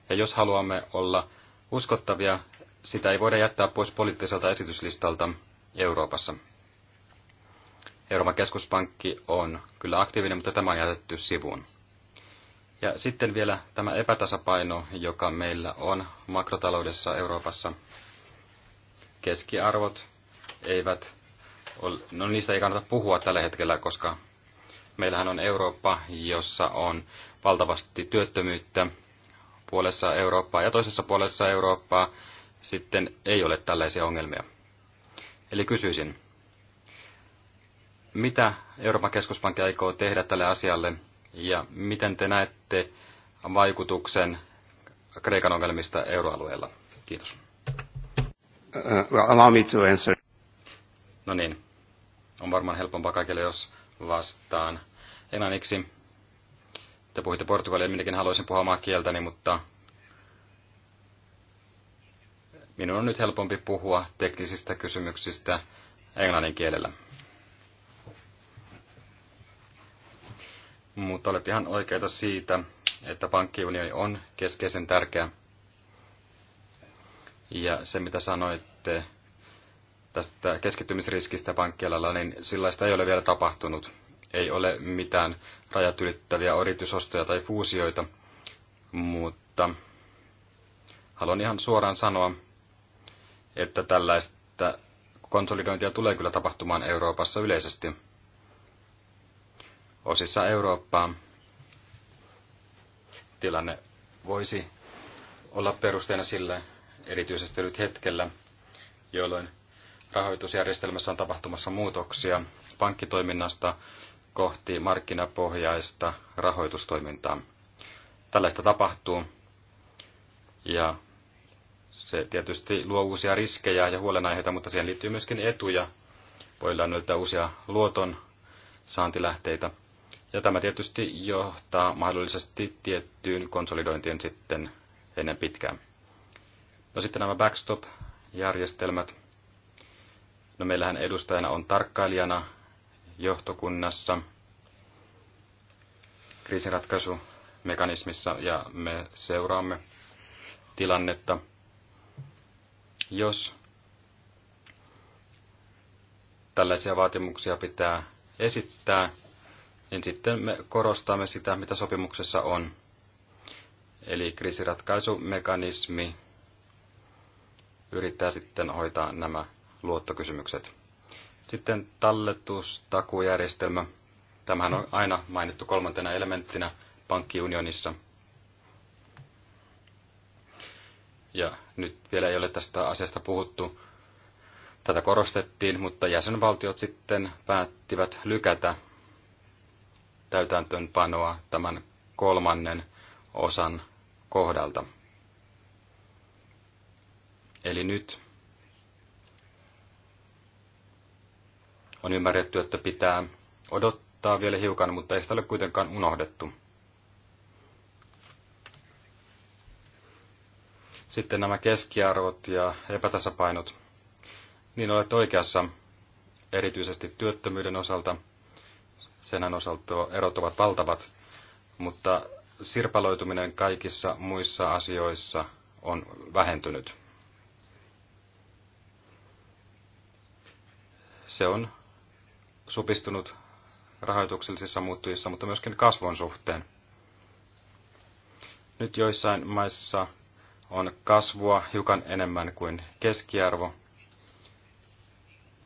Ja jos haluamme olla uskottavia, sitä ei voida jättää pois poliittiselta esityslistalta Euroopassa. Euroopan keskuspankki on kyllä aktiivinen, mutta tämä on jätetty sivuun. Ja sitten vielä tämä epätasapaino, joka meillä on makrotaloudessa Euroopassa. Keskiarvot eivät ole, no niistä ei kannata puhua tällä hetkellä, koska meillähän on Eurooppa, jossa on valtavasti työttömyyttä puolessa Eurooppaa ja toisessa puolessa Eurooppaa sitten ei ole tällaisia ongelmia. Eli kysyisin, mitä Euroopan keskuspankki aikoo tehdä tälle asialle ja miten te näette vaikutuksen Kreikan ongelmista euroalueella? Kiitos. Uh, well, allow me to answer. No niin, on varmaan helpompaa kaikille, jos vastaan englanniksi. Te puhuitte portugalia, minäkin haluaisin puhua omaa kieltäni, mutta minun on nyt helpompi puhua teknisistä kysymyksistä englannin kielellä. Mutta olet ihan oikeita siitä, että pankkiunioni on keskeisen tärkeä. Ja se, mitä sanoitte tästä keskittymisriskistä pankkialalla, niin sillaista ei ole vielä tapahtunut. Ei ole mitään rajat ylittäviä yritysostoja tai fuusioita, mutta haluan ihan suoraan sanoa, että tällaista konsolidointia tulee kyllä tapahtumaan Euroopassa yleisesti osissa Eurooppaa tilanne voisi olla perusteena sille, erityisesti nyt hetkellä, jolloin rahoitusjärjestelmässä on tapahtumassa muutoksia pankkitoiminnasta kohti markkinapohjaista rahoitustoimintaa. Tällaista tapahtuu ja se tietysti luo uusia riskejä ja huolenaiheita, mutta siihen liittyy myöskin etuja. Voidaan löytää uusia luoton saantilähteitä. Ja tämä tietysti johtaa mahdollisesti tiettyyn konsolidointiin sitten ennen pitkään. No sitten nämä backstop-järjestelmät. No meillähän edustajana on tarkkailijana johtokunnassa kriisinratkaisumekanismissa ja me seuraamme tilannetta. Jos tällaisia vaatimuksia pitää esittää, niin sitten me korostamme sitä, mitä sopimuksessa on. Eli kriisiratkaisumekanismi yrittää sitten hoitaa nämä luottokysymykset. Sitten talletustakujärjestelmä. Tämähän on aina mainittu kolmantena elementtinä pankkiunionissa. Ja nyt vielä ei ole tästä asiasta puhuttu. Tätä korostettiin, mutta jäsenvaltiot sitten päättivät lykätä täytäntöönpanoa tämän kolmannen osan kohdalta. Eli nyt on ymmärretty, että pitää odottaa vielä hiukan, mutta ei sitä ole kuitenkaan unohdettu. Sitten nämä keskiarvot ja epätasapainot. Niin olet oikeassa, erityisesti työttömyyden osalta – Senhän osalta erot ovat valtavat, mutta sirpaloituminen kaikissa muissa asioissa on vähentynyt. Se on supistunut rahoituksellisissa muuttujissa, mutta myöskin kasvon suhteen. Nyt joissain maissa on kasvua hiukan enemmän kuin keskiarvo,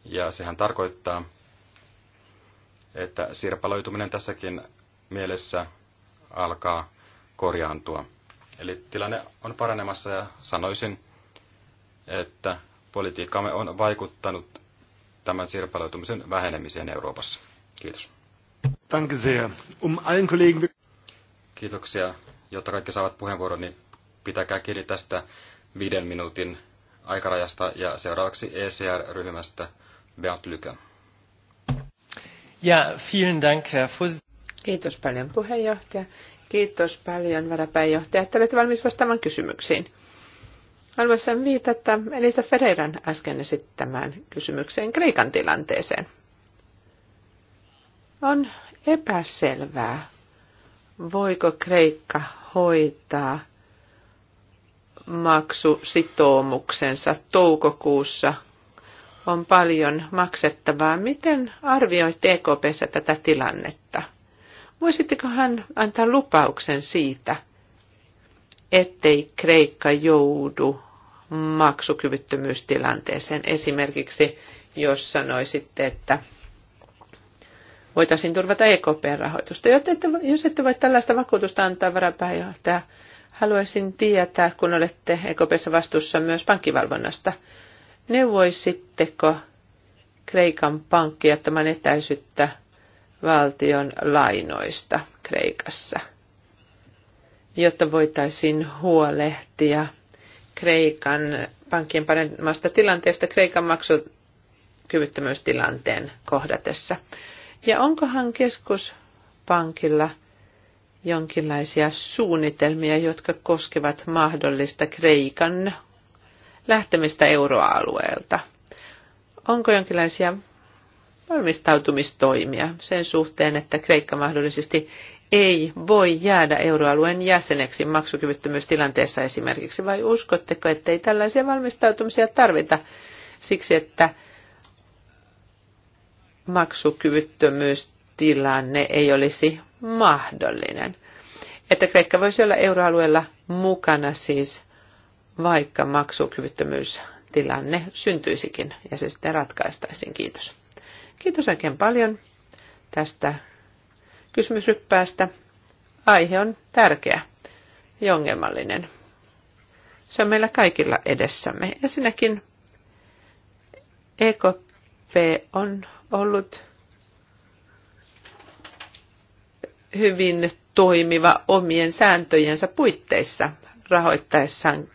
ja sehän tarkoittaa, että sirpaloituminen tässäkin mielessä alkaa korjaantua. Eli tilanne on paranemassa ja sanoisin, että politiikkaamme on vaikuttanut tämän sirpaloitumisen vähenemiseen Euroopassa. Kiitos. Danke sehr. Um allen Kollegen... Kiitoksia. Jotta kaikki saavat puheenvuoron, niin pitäkää kiinni tästä viiden minuutin aikarajasta ja seuraavaksi ECR-ryhmästä Beat Lykän. Ja, vielen Dank, Herr Kiitos paljon puheenjohtaja. Kiitos paljon varapääjohtaja, että olette valmis vastaamaan kysymyksiin. Haluaisin viitata Elisa Ferreiran äsken esittämään kysymykseen Kreikan tilanteeseen. On epäselvää, voiko Kreikka hoitaa maksusitoumuksensa toukokuussa on paljon maksettavaa. Miten arvioi EKPssä tätä tilannetta? Voisitteko hän antaa lupauksen siitä, ettei Kreikka joudu maksukyvyttömyystilanteeseen? Esimerkiksi jos sanoisitte, että voitaisiin turvata EKP-rahoitusta. Jos ette voi tällaista vakuutusta antaa varapääjohtaja, haluaisin tietää, kun olette EKPssä vastuussa myös pankkivalvonnasta – Neuvoisitteko Kreikan pankkia tämän etäisyyttä valtion lainoista Kreikassa, jotta voitaisiin huolehtia Kreikan pankkien paremmasta tilanteesta Kreikan maksukyvyttömyystilanteen kohdatessa. Ja onkohan keskuspankilla jonkinlaisia suunnitelmia, jotka koskevat mahdollista Kreikan lähtemistä euroalueelta. Onko jonkinlaisia valmistautumistoimia sen suhteen, että Kreikka mahdollisesti ei voi jäädä euroalueen jäseneksi maksukyvyttömyystilanteessa esimerkiksi, vai uskotteko, ettei tällaisia valmistautumisia tarvita siksi, että maksukyvyttömyystilanne ei olisi mahdollinen? Että Kreikka voisi olla euroalueella mukana siis vaikka maksukyvyttömyystilanne syntyisikin ja se sitten ratkaistaisiin. Kiitos. Kiitos oikein paljon tästä kysymysryppäästä. Aihe on tärkeä ja ongelmallinen. Se on meillä kaikilla edessämme. Ensinnäkin EKP on ollut hyvin toimiva omien sääntöjensä puitteissa rahoittaessaan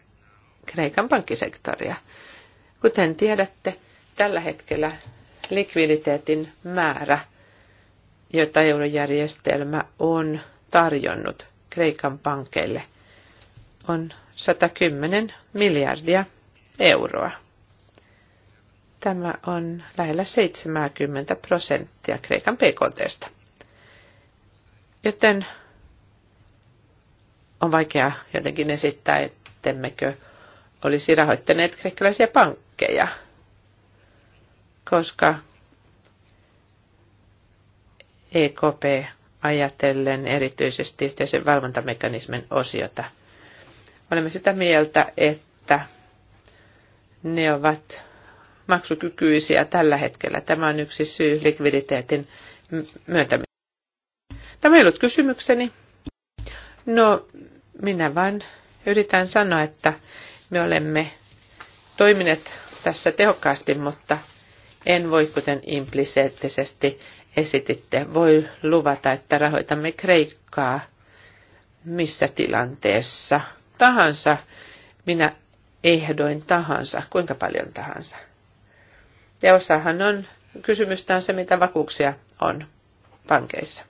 Kreikan pankkisektoria. Kuten tiedätte, tällä hetkellä likviditeetin määrä, jota eurojärjestelmä on tarjonnut Kreikan pankeille, on 110 miljardia euroa. Tämä on lähellä 70 prosenttia Kreikan PKTstä. Joten on vaikea jotenkin esittää, ettemmekö olisi rahoittaneet kreikkalaisia pankkeja, koska EKP ajatellen erityisesti yhteisen valvontamekanismin osiota. Olemme sitä mieltä, että ne ovat maksukykyisiä tällä hetkellä. Tämä on yksi syy likviditeetin myöntämiseen. Tämä ei ollut kysymykseni. No, minä vain yritän sanoa, että me olemme toimineet tässä tehokkaasti, mutta en voi, kuten impliseettisesti esititte, voi luvata, että rahoitamme Kreikkaa missä tilanteessa tahansa, minä ehdoin tahansa, kuinka paljon tahansa. Ja osahan on, kysymystä on se, mitä vakuuksia on pankeissa.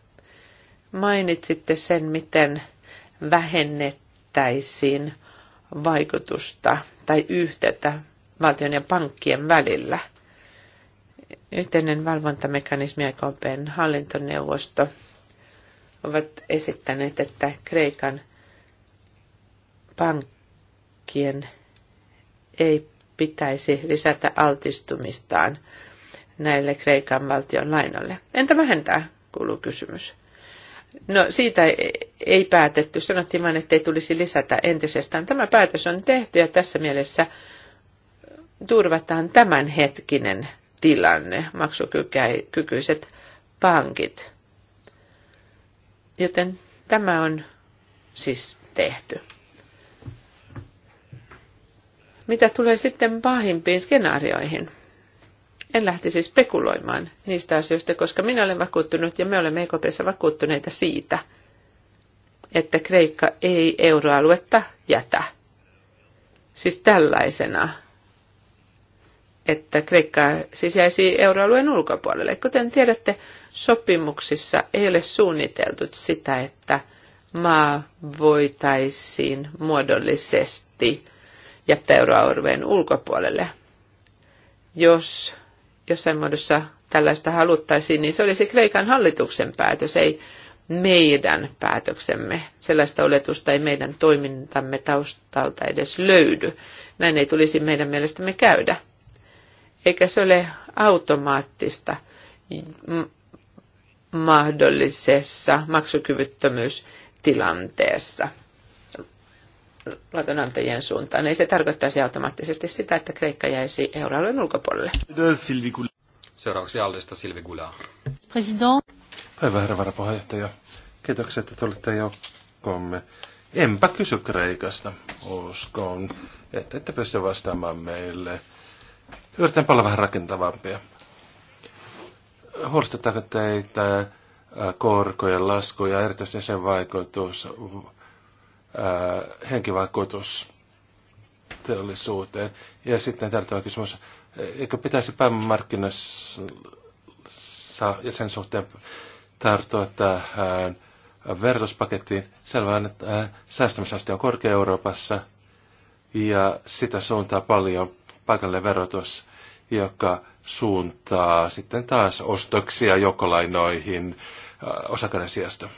Mainitsitte sen, miten vähennettäisiin vaikutusta tai yhteyttä valtion ja pankkien välillä. Yhteinen valvontamekanismi ja KPN hallintoneuvosto ovat esittäneet, että Kreikan pankkien ei pitäisi lisätä altistumistaan näille Kreikan valtion lainoille. Entä vähentää, kuuluu kysymys. No siitä ei päätetty, sanottiin vain, että ei tulisi lisätä entisestään. Tämä päätös on tehty ja tässä mielessä turvataan tämänhetkinen tilanne, maksukykyiset pankit. Joten tämä on siis tehty. Mitä tulee sitten pahimpiin skenaarioihin? En lähtisi siis spekuloimaan niistä asioista, koska minä olen vakuuttunut ja me olemme EKPssä vakuuttuneita siitä, että Kreikka ei euroaluetta jätä. Siis tällaisena, että Kreikka siis jäisi euroalueen ulkopuolelle. Kuten tiedätte, sopimuksissa ei ole suunniteltu sitä, että maa voitaisiin muodollisesti jättää euroalueen ulkopuolelle, jos jossain muodossa tällaista haluttaisiin, niin se olisi Kreikan hallituksen päätös, ei meidän päätöksemme. Sellaista oletusta ei meidän toimintamme taustalta edes löydy. Näin ei tulisi meidän mielestämme käydä. Eikä se ole automaattista mahdollisessa maksukyvyttömyystilanteessa latonantajien suuntaan. Ei se tarkoittaisi automaattisesti sitä, että Kreikka jäisi euroalueen ulkopuolelle. Seuraavaksi Aldesta Silvi Gula. President. Päivä herra varapuheenjohtaja. Kiitoksia, että tulitte joukkoomme. Enpä kysy Kreikasta. Uskon, että ette pysty vastaamaan meille. Yritän olla vähän rakentavampia. Huolestuttaako teitä äh, korkojen lasku ja erityisesti sen vaikutus Äh, henkivaikutus teollisuuteen. Ja sitten tärkeä kysymys, äh, eikö pitäisi päämarkkinassa ja sen suhteen tarttua tähän äh, verotuspakettiin. Selvää, että säästämisaste on korkea Euroopassa ja sitä suuntaa paljon paikalle verotus, joka suuntaa sitten taas ostoksia jokolainoihin osakkeiden sijasta.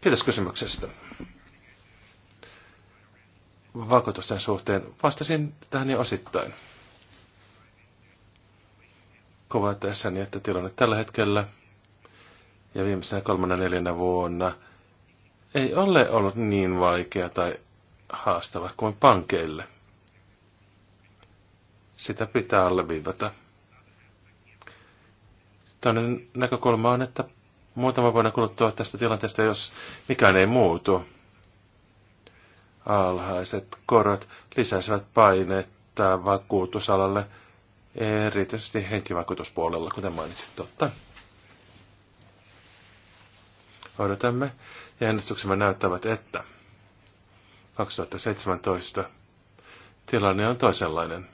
Kiitos kysymyksestä vakuutusten suhteen? Vastasin tähän jo osittain. Kuvatessani, että tilanne tällä hetkellä ja viimeisenä kolmannen neljänä vuonna ei ole ollut niin vaikea tai haastava kuin pankeille. Sitä pitää alleviivata. Toinen näkökulma on, että muutama vuonna kuluttua tästä tilanteesta, jos mikään ei muutu, alhaiset korot lisäsivät painetta vakuutusalalle, erityisesti henkivakuutuspuolella, kuten mainitsit totta. Odotamme ja ennustuksemme näyttävät, että 2017 tilanne on toisenlainen.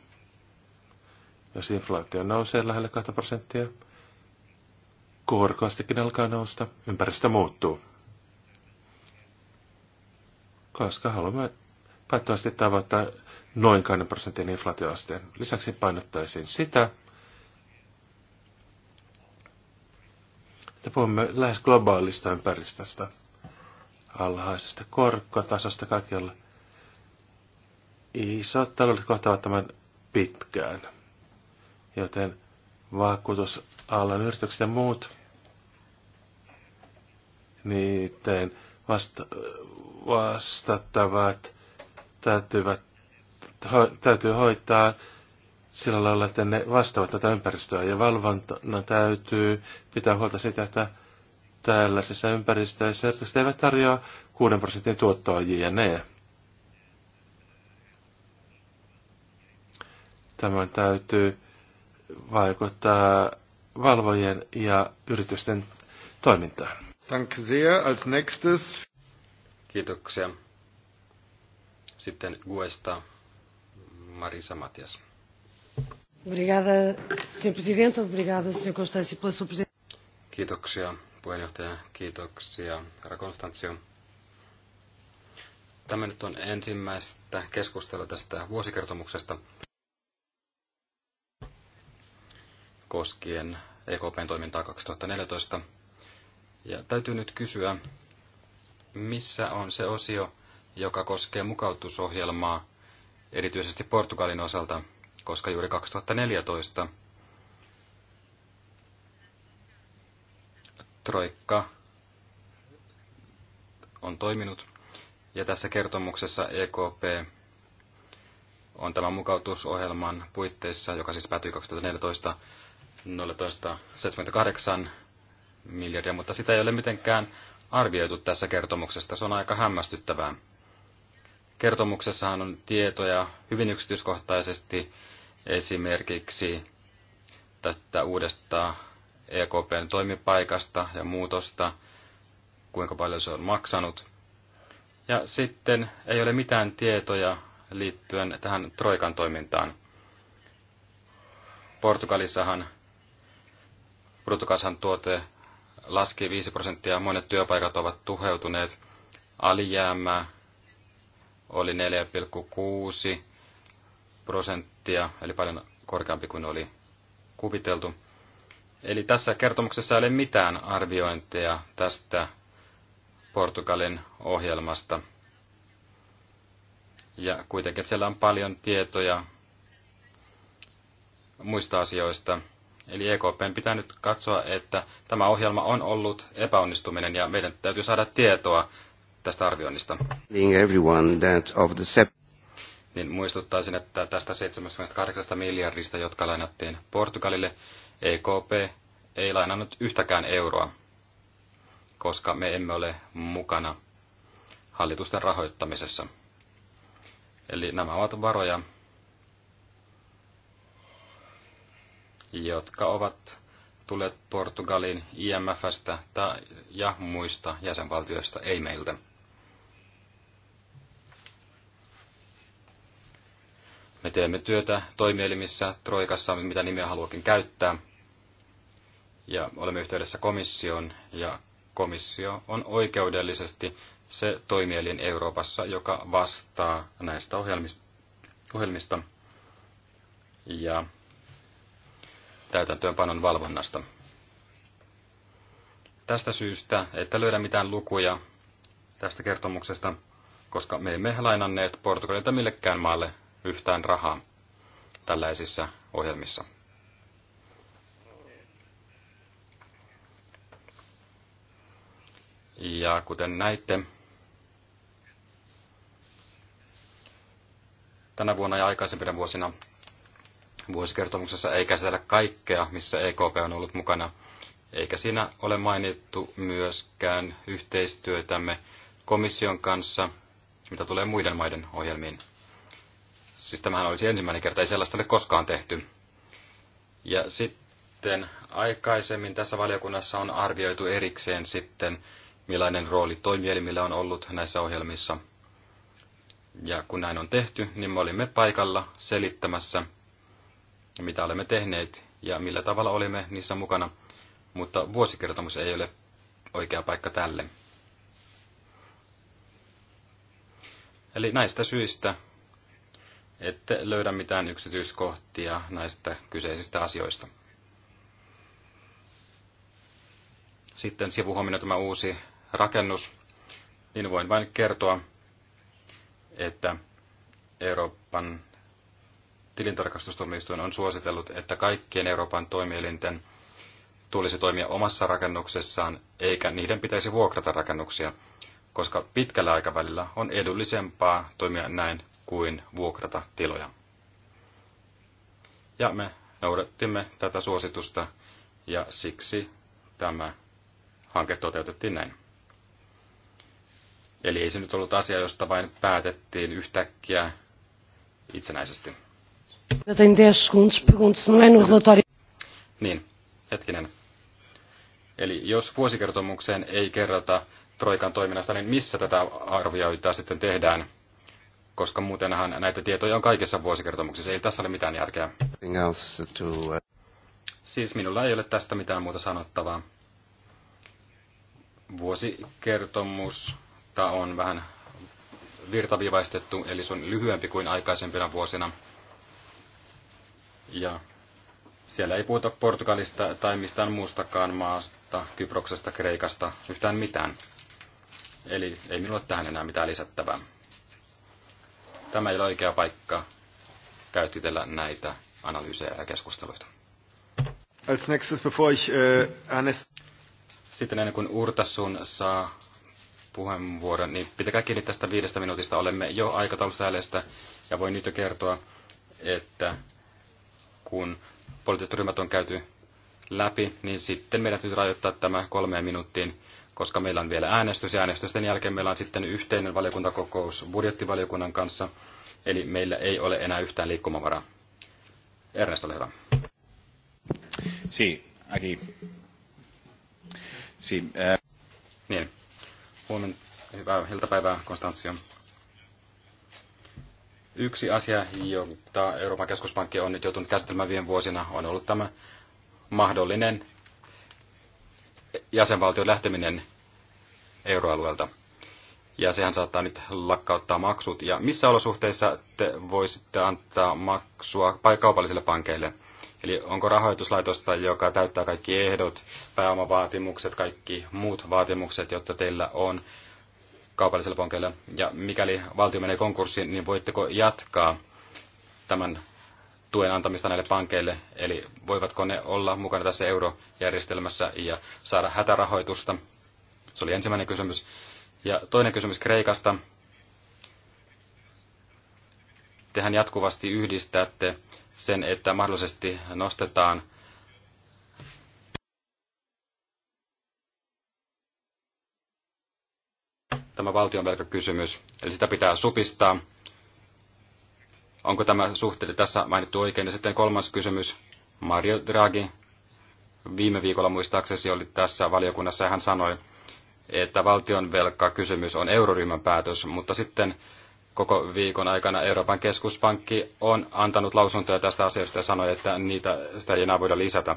Jos inflaatio nousee lähelle 2 prosenttia, korkoastikin alkaa nousta, ympäristö muuttuu koska haluamme päättävästi tavoittaa noin 2 prosentin inflaatioasteen. Lisäksi painottaisin sitä, että puhumme lähes globaalista ympäristöstä, alhaisesta korkotasosta kaikkialla. Isot taloudet kohtaavat tämän pitkään, joten vakuutusalan yritykset ja muut, niiden vasta- vastattavat täytyvät, ho, täytyy hoitaa sillä lailla, että ne vastaavat tätä ympäristöä. Ja valvontana täytyy pitää huolta siitä, että tällaisissa ympäristöissä yritykset eivät tarjoa 6 prosentin tuottoa JNE. Tämän täytyy vaikuttaa valvojien ja yritysten toimintaan. Danke sehr. Als nächstes. Kiitoksia. Sitten Guesta Marisa Matias. Obrigada, senhor presidente. Obrigada, senhor Constâncio, pela sua presença. Kiitoksia puheenjohtaja, kiitoksia herra Konstantsio. Tämä nyt on ensimmäistä keskustelua tästä vuosikertomuksesta koskien EKPn toimintaa 2014. Ja täytyy nyt kysyä, missä on se osio, joka koskee mukautusohjelmaa, erityisesti Portugalin osalta, koska juuri 2014 Troikka on toiminut. Ja tässä kertomuksessa EKP on tämän mukautusohjelman puitteissa, joka siis päätyi 2014 miljardia, mutta sitä ei ole mitenkään arvioitu tässä kertomuksessa, Se on aika hämmästyttävää. Kertomuksessahan on tietoja hyvin yksityiskohtaisesti esimerkiksi tästä uudesta EKPn toimipaikasta ja muutosta, kuinka paljon se on maksanut. Ja sitten ei ole mitään tietoja liittyen tähän Troikan toimintaan. Portugalissahan bruttokansantuote laski 5 prosenttia, monet työpaikat ovat tuheutuneet, alijäämää oli 4,6 prosenttia, eli paljon korkeampi kuin oli kuviteltu. Eli tässä kertomuksessa ei ole mitään arviointeja tästä Portugalin ohjelmasta. Ja kuitenkin siellä on paljon tietoja muista asioista, Eli EKPn pitää nyt katsoa, että tämä ohjelma on ollut epäonnistuminen ja meidän täytyy saada tietoa tästä arvioinnista. Niin muistuttaisin, että tästä 78 miljardista, jotka lainattiin Portugalille, EKP ei lainannut yhtäkään euroa, koska me emme ole mukana hallitusten rahoittamisessa. Eli nämä ovat varoja, jotka ovat tulleet Portugalin IMFstä ja muista jäsenvaltioista, ei meiltä. Me teemme työtä toimielimissä, troikassa, mitä nimeä haluakin käyttää. Ja olemme yhteydessä komissioon, ja komissio on oikeudellisesti se toimielin Euroopassa, joka vastaa näistä ohjelmista. ohjelmista. Ja täytäntöönpanon valvonnasta. Tästä syystä, että löydä mitään lukuja tästä kertomuksesta, koska me emme lainanneet Portugalilta millekään maalle yhtään rahaa tällaisissa ohjelmissa. Ja kuten näitte, tänä vuonna ja aikaisempina vuosina Vuosikertomuksessa ei käsitellä kaikkea, missä EKP on ollut mukana, eikä siinä ole mainittu myöskään yhteistyötämme komission kanssa, mitä tulee muiden maiden ohjelmiin. Siis tämähän olisi ensimmäinen kerta, ei sellaista ole koskaan tehty. Ja sitten aikaisemmin tässä valiokunnassa on arvioitu erikseen sitten, millainen rooli toimielimillä on ollut näissä ohjelmissa. Ja kun näin on tehty, niin me olimme paikalla selittämässä – ja mitä olemme tehneet ja millä tavalla olimme niissä mukana, mutta vuosikertomus ei ole oikea paikka tälle. Eli näistä syistä ette löydä mitään yksityiskohtia näistä kyseisistä asioista. Sitten sivuhuomioon tämä uusi rakennus, niin voin vain kertoa, että Euroopan tilintarkastustuomioistuin on suositellut, että kaikkien Euroopan toimielinten tulisi toimia omassa rakennuksessaan, eikä niiden pitäisi vuokrata rakennuksia, koska pitkällä aikavälillä on edullisempaa toimia näin kuin vuokrata tiloja. Ja me noudattimme tätä suositusta ja siksi tämä hanke toteutettiin näin. Eli ei se nyt ollut asia, josta vain päätettiin yhtäkkiä itsenäisesti. No niin, hetkinen. Eli jos vuosikertomukseen ei kerrota Troikan toiminnasta, niin missä tätä arvioita sitten tehdään? Koska muutenhan näitä tietoja on kaikissa vuosikertomuksissa. Ei tässä ole mitään järkeä. Uh, siis minulla ei ole tästä mitään muuta sanottavaa. Vuosikertomusta on vähän virtaviivaistettu, eli se on lyhyempi kuin aikaisempina vuosina – ja siellä ei puhuta Portugalista tai mistään muustakaan maasta, Kyproksesta, Kreikasta, yhtään mitään. Eli ei minulla tähän enää mitään lisättävää. Tämä ei ole oikea paikka käyttitellä näitä analyysejä ja keskusteluita. Als nächstes, bevor ich, äh, Sitten ennen kuin Urtasun saa puheenvuoron, niin pitäkää kiinni tästä viidestä minuutista. Olemme jo aikataulusta ja voin nyt jo kertoa, että kun poliittiset ryhmät on käyty läpi, niin sitten meidän täytyy rajoittaa tämä kolmeen minuuttiin, koska meillä on vielä äänestys ja äänestysten jälkeen meillä on sitten yhteinen valiokuntakokous budjettivaliokunnan kanssa, eli meillä ei ole enää yhtään liikkumavaraa. Ernesto, ole hyvä. Si, aki. Si, ää... Niin. Huomenna hyvää iltapäivää, Konstantsio. Yksi asia, jota Euroopan keskuspankki on nyt joutunut käsittelemään viime vuosina, on ollut tämä mahdollinen jäsenvaltion lähteminen euroalueelta. Ja sehän saattaa nyt lakkauttaa maksut. Ja missä olosuhteissa te voisitte antaa maksua kaupallisille pankeille? Eli onko rahoituslaitosta, joka täyttää kaikki ehdot, pääomavaatimukset, kaikki muut vaatimukset, jotta teillä on kaupallisella pankeilla? Ja mikäli valtio menee konkurssiin, niin voitteko jatkaa tämän tuen antamista näille pankeille? Eli voivatko ne olla mukana tässä eurojärjestelmässä ja saada hätärahoitusta? Se oli ensimmäinen kysymys. Ja toinen kysymys Kreikasta. Tehän jatkuvasti yhdistätte sen, että mahdollisesti nostetaan – tämä valtionvelkakysymys, eli sitä pitää supistaa. Onko tämä suhteet tässä mainittu oikein? Ja sitten kolmas kysymys. Mario Draghi viime viikolla muistaaksesi oli tässä valiokunnassa ja hän sanoi, että valtionvelkakysymys on euroryhmän päätös, mutta sitten koko viikon aikana Euroopan keskuspankki on antanut lausuntoja tästä asiasta ja sanoi, että niitä, sitä ei enää voida lisätä.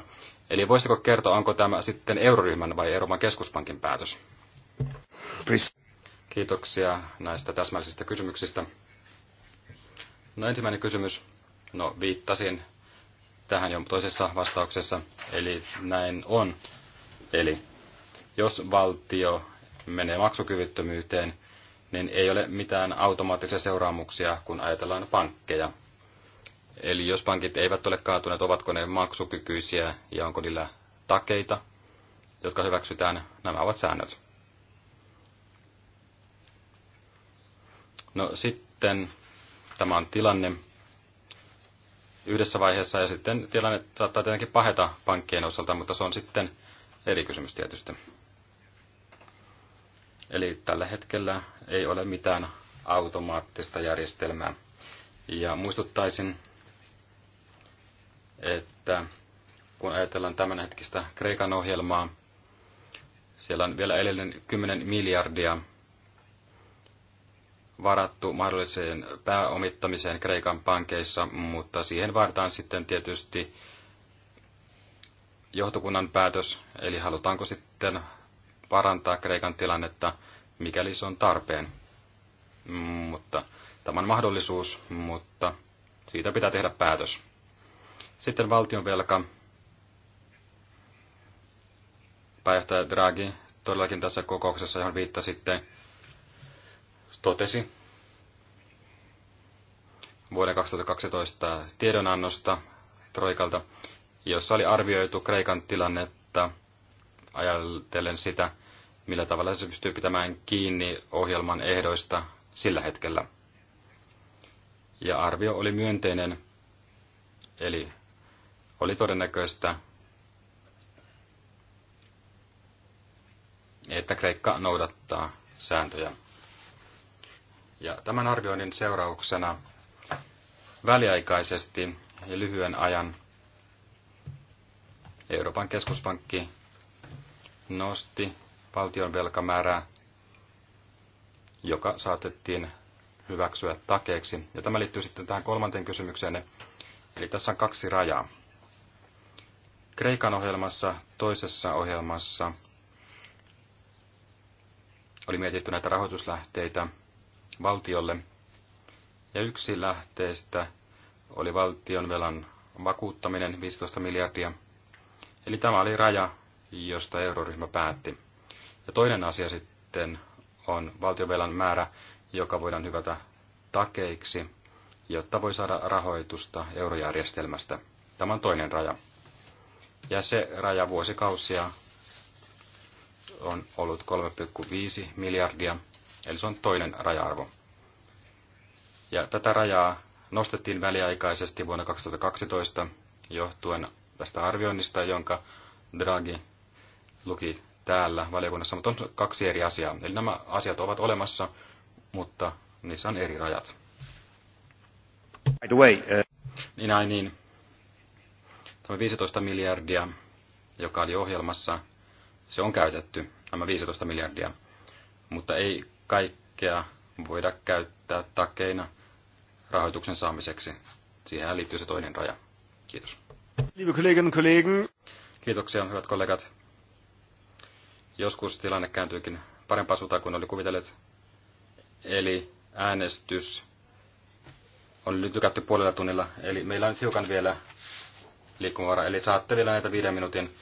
Eli voisitko kertoa, onko tämä sitten euroryhmän vai Euroopan keskuspankin päätös? Please. Kiitoksia näistä täsmällisistä kysymyksistä. No ensimmäinen kysymys. No viittasin tähän jo toisessa vastauksessa. Eli näin on. Eli jos valtio menee maksukyvyttömyyteen, niin ei ole mitään automaattisia seuraamuksia, kun ajatellaan pankkeja. Eli jos pankit eivät ole kaatuneet, ovatko ne maksukykyisiä ja onko niillä takeita, jotka hyväksytään, nämä ovat säännöt. No sitten tämä on tilanne yhdessä vaiheessa ja sitten tilanne saattaa tietenkin paheta pankkien osalta, mutta se on sitten eri kysymys tietysti. Eli tällä hetkellä ei ole mitään automaattista järjestelmää. Ja muistuttaisin, että kun ajatellaan hetkistä Kreikan ohjelmaa, siellä on vielä edelleen 10 miljardia varattu mahdolliseen pääomittamiseen Kreikan pankeissa, mutta siihen vaaditaan sitten tietysti johtokunnan päätös, eli halutaanko sitten parantaa Kreikan tilannetta, mikäli se on tarpeen. Mutta tämä on mahdollisuus, mutta siitä pitää tehdä päätös. Sitten valtionvelka. Pääjohtaja Draghi todellakin tässä kokouksessa, johon viittasitte, totesi vuoden 2012 tiedonannosta Troikalta, jossa oli arvioitu Kreikan tilannetta ajatellen sitä, millä tavalla se pystyy pitämään kiinni ohjelman ehdoista sillä hetkellä. Ja arvio oli myönteinen, eli oli todennäköistä, että Kreikka noudattaa sääntöjä. Ja tämän arvioinnin seurauksena väliaikaisesti ja lyhyen ajan Euroopan keskuspankki nosti valtion velkamäärää, joka saatettiin hyväksyä takeeksi. Ja tämä liittyy sitten tähän kolmanteen kysymykseen. Eli tässä on kaksi rajaa. Kreikan ohjelmassa, toisessa ohjelmassa oli mietitty näitä rahoituslähteitä – valtiolle. Ja yksi lähteestä oli valtionvelan vakuuttaminen 15 miljardia. Eli tämä oli raja, josta euroryhmä päätti. Ja toinen asia sitten on valtionvelan määrä, joka voidaan hyvätä takeiksi, jotta voi saada rahoitusta eurojärjestelmästä. Tämä on toinen raja. Ja se raja vuosikausia on ollut 3,5 miljardia. Eli se on toinen raja-arvo. Ja tätä rajaa nostettiin väliaikaisesti vuonna 2012 johtuen tästä arvioinnista, jonka Draghi luki täällä valiokunnassa, mutta on kaksi eri asiaa. Eli nämä asiat ovat olemassa, mutta niissä on eri rajat. By the way, uh... Niin ai niin. Tämä 15 miljardia, joka oli ohjelmassa, se on käytetty, nämä 15 miljardia. Mutta ei kaikkea voida käyttää takeina rahoituksen saamiseksi. Siihen liittyy se toinen raja. Kiitos. Liebe Kolleginnen Kollegen. Kiitoksia, hyvät kollegat. Joskus tilanne kääntyykin parempaan suuntaan kuin oli kuvitellut. Eli äänestys on lykätty puolella tunnilla, eli meillä on hiukan vielä liikkumavara. Eli saatte vielä näitä viiden minuutin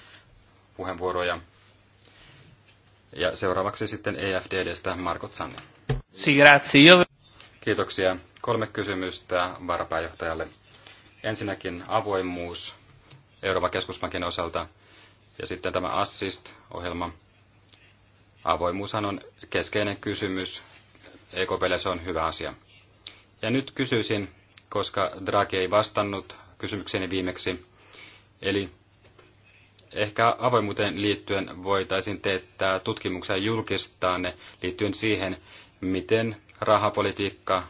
puheenvuoroja. Ja seuraavaksi sitten EFDDstä Marko Zanni. Kiitoksia. Kolme kysymystä varapääjohtajalle. Ensinnäkin avoimuus Euroopan keskuspankin osalta ja sitten tämä Assist-ohjelma. Avoimuushan on keskeinen kysymys. EKPlle se on hyvä asia. Ja nyt kysyisin, koska Draghi ei vastannut kysymykseeni viimeksi. Eli Ehkä avoimuuteen liittyen voitaisiin teettää tutkimuksia julkistaa ne liittyen siihen, miten rahapolitiikka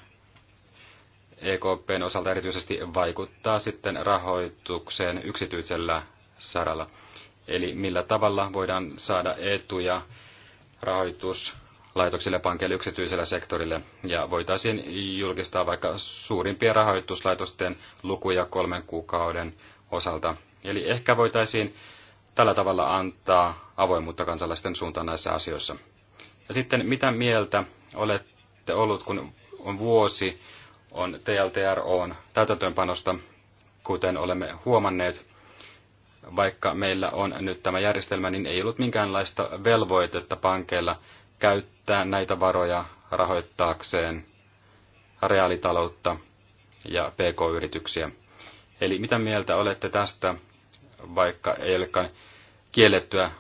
EKPn osalta erityisesti vaikuttaa sitten rahoitukseen yksityisellä saralla. Eli millä tavalla voidaan saada etuja rahoituslaitoksille, pankeille, yksityisellä sektorille. Ja voitaisiin julkistaa vaikka suurimpien rahoituslaitosten lukuja kolmen kuukauden osalta. Eli ehkä voitaisiin tällä tavalla antaa avoimuutta kansalaisten suuntaan näissä asioissa. Ja sitten mitä mieltä olette ollut, kun on vuosi on TLTROn täytäntöönpanosta, kuten olemme huomanneet, vaikka meillä on nyt tämä järjestelmä, niin ei ollut minkäänlaista velvoitetta pankeilla käyttää näitä varoja rahoittaakseen reaalitaloutta ja pk-yrityksiä. Eli mitä mieltä olette tästä vaikka ei olekaan kiellettyä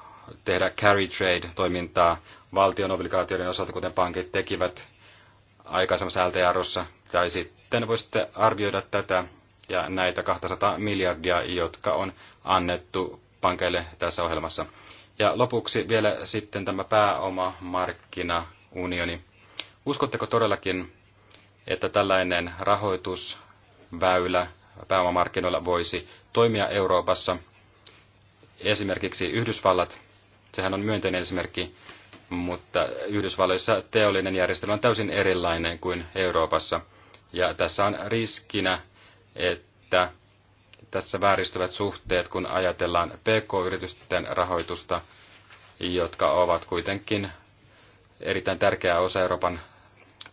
tehdä carry trade-toimintaa valtion obligaatioiden osalta, kuten pankit tekivät aikaisemmassa LTRossa, tai sitten voisitte arvioida tätä ja näitä 200 miljardia, jotka on annettu pankeille tässä ohjelmassa. Ja lopuksi vielä sitten tämä pääoma markkina unioni Uskotteko todellakin, että tällainen rahoitusväylä pääomamarkkinoilla voisi toimia Euroopassa – Esimerkiksi Yhdysvallat, sehän on myönteinen esimerkki, mutta Yhdysvalloissa teollinen järjestelmä on täysin erilainen kuin Euroopassa. Ja tässä on riskinä, että tässä vääristyvät suhteet, kun ajatellaan PK-yritysten rahoitusta, jotka ovat kuitenkin erittäin tärkeä osa Euroopan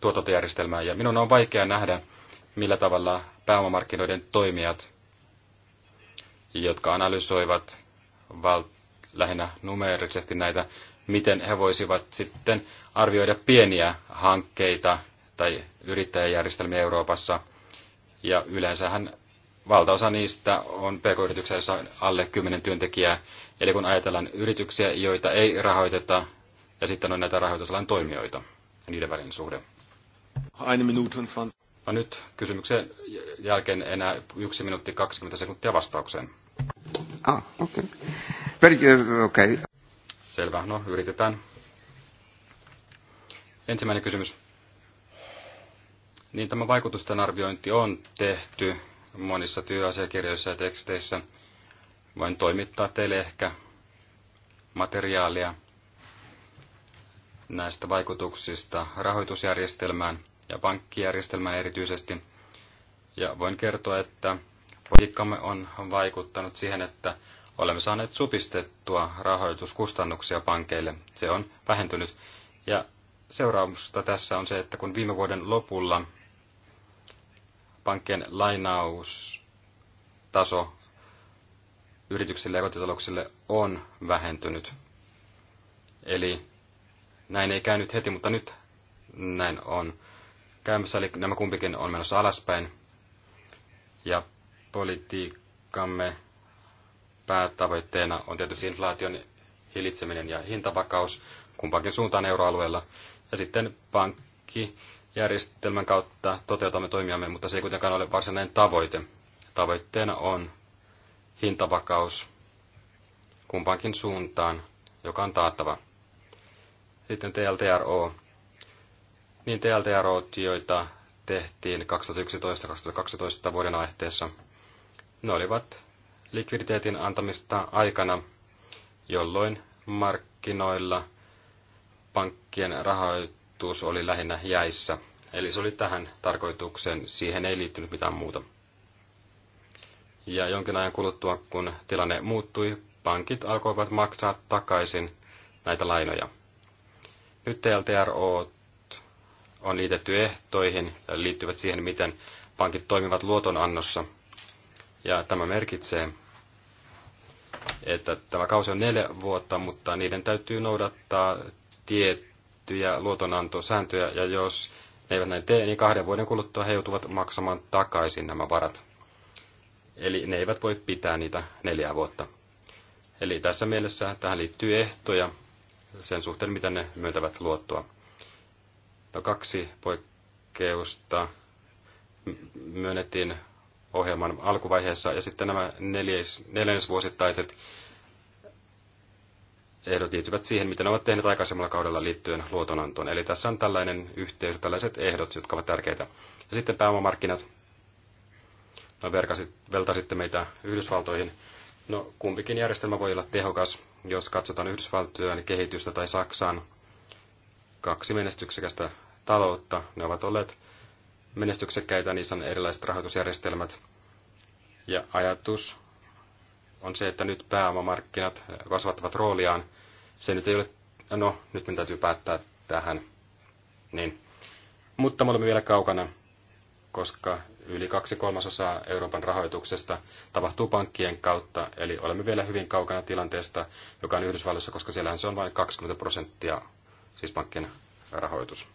tuotantojärjestelmää. Ja minun on vaikea nähdä, millä tavalla pääomamarkkinoiden toimijat, jotka analysoivat val- lähinnä numeerisesti näitä, miten he voisivat sitten arvioida pieniä hankkeita tai yrittäjäjärjestelmiä Euroopassa. Ja yleensähän valtaosa niistä on pk-yrityksiä, joissa on alle 10 työntekijää. Eli kun ajatellaan yrityksiä, joita ei rahoiteta, ja sitten on näitä rahoitusalan toimijoita ja niiden välinen suhde. Aina minuutin No nyt kysymyksen jälkeen enää 1 minuutti 20 sekuntia vastaukseen. Ah, okei. Okay. Okay. Selvä, no yritetään. Ensimmäinen kysymys. Niin tämä vaikutusten arviointi on tehty monissa työasiakirjoissa ja teksteissä. Voin toimittaa teille ehkä materiaalia näistä vaikutuksista rahoitusjärjestelmään ja pankkijärjestelmään erityisesti. Ja voin kertoa, että Politiikkamme on vaikuttanut siihen, että olemme saaneet supistettua rahoituskustannuksia pankeille. Se on vähentynyt. Ja seuraamusta tässä on se, että kun viime vuoden lopulla pankkien lainaustaso yrityksille ja kotitalouksille on vähentynyt. Eli näin ei käynyt heti, mutta nyt näin on käymässä, eli nämä kumpikin on menossa alaspäin. Ja politiikkamme päätavoitteena on tietysti inflaation hillitseminen ja hintavakaus kumpaankin suuntaan euroalueella. Ja sitten pankkijärjestelmän kautta toteutamme toimiamme, mutta se ei kuitenkaan ole varsinainen tavoite. Tavoitteena on hintavakaus kumpaankin suuntaan, joka on taattava. Sitten TLTRO. Niin TLTRO, joita tehtiin 2011-2012 vuoden aihteessa. Ne olivat likviditeetin antamista aikana, jolloin markkinoilla pankkien rahoitus oli lähinnä jäissä. Eli se oli tähän tarkoitukseen, siihen ei liittynyt mitään muuta. Ja jonkin ajan kuluttua, kun tilanne muuttui, pankit alkoivat maksaa takaisin näitä lainoja. Nyt TLTRO on liitetty ehtoihin ja liittyvät siihen, miten pankit toimivat luotonannossa – ja tämä merkitsee, että tämä kausi on neljä vuotta, mutta niiden täytyy noudattaa tiettyjä luotonantosääntöjä, ja jos ne eivät näin tee, niin kahden vuoden kuluttua he joutuvat maksamaan takaisin nämä varat. Eli ne eivät voi pitää niitä neljää vuotta. Eli tässä mielessä tähän liittyy ehtoja sen suhteen, mitä ne myöntävät luottoa. No kaksi poikkeusta myönnettiin ohjelman alkuvaiheessa. Ja sitten nämä neljäs, neljännesvuosittaiset ehdot liittyvät siihen, mitä ne ovat tehneet aikaisemmalla kaudella liittyen luotonantoon. Eli tässä on tällainen yhteys, tällaiset ehdot, jotka ovat tärkeitä. Ja sitten pääomamarkkinat. No verkasit, sitten meitä Yhdysvaltoihin. No kumpikin järjestelmä voi olla tehokas, jos katsotaan Yhdysvaltojen kehitystä tai Saksaan kaksi menestyksekästä taloutta. Ne ovat olleet menestyksekkäitä, niissä on erilaiset rahoitusjärjestelmät. Ja ajatus on se, että nyt pääomamarkkinat kasvattavat rooliaan. Se nyt ei ole, no nyt minun täytyy päättää tähän. Niin. Mutta me olemme vielä kaukana, koska yli kaksi kolmasosaa Euroopan rahoituksesta tapahtuu pankkien kautta, eli olemme vielä hyvin kaukana tilanteesta, joka on Yhdysvalloissa, koska siellähän se on vain 20 prosenttia, siis pankkien rahoitus.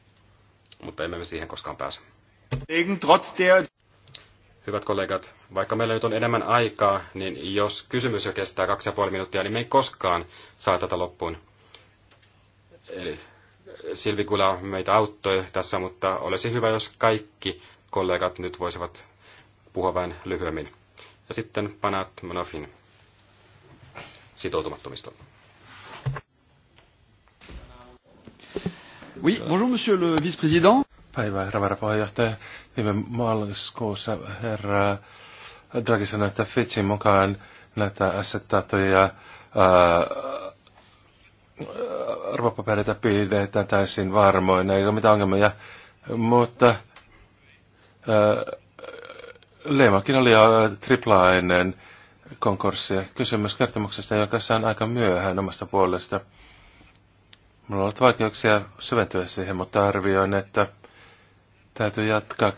Mutta emme me siihen koskaan pääse. Hyvät kollegat, vaikka meillä nyt on enemmän aikaa, niin jos kysymys jo kestää kaksi ja puoli minuuttia, niin me ei koskaan saa tätä loppuun. Eli eh, Silvi Kula meitä auttoi tässä, mutta olisi hyvä, jos kaikki kollegat nyt voisivat puhua vain lyhyemmin. Ja sitten Panat Manofin sitoutumattomista. Oui, bonjour monsieur le vice-président päivää, herra varapuheenjohtaja. Viime maaliskuussa herra Draghi sanoi, että Fitchin mukaan näitä assettaattuja arvopapereita pidetään täysin varmoina, ei ole mitään ongelmia, mutta ää, Lehmäkin oli triplaa ennen konkurssia. Kysymys kertomuksesta, joka saan aika myöhään omasta puolesta. minulla on ollut vaikeuksia syventyä siihen, mutta arvioin, että täytyy jatkaa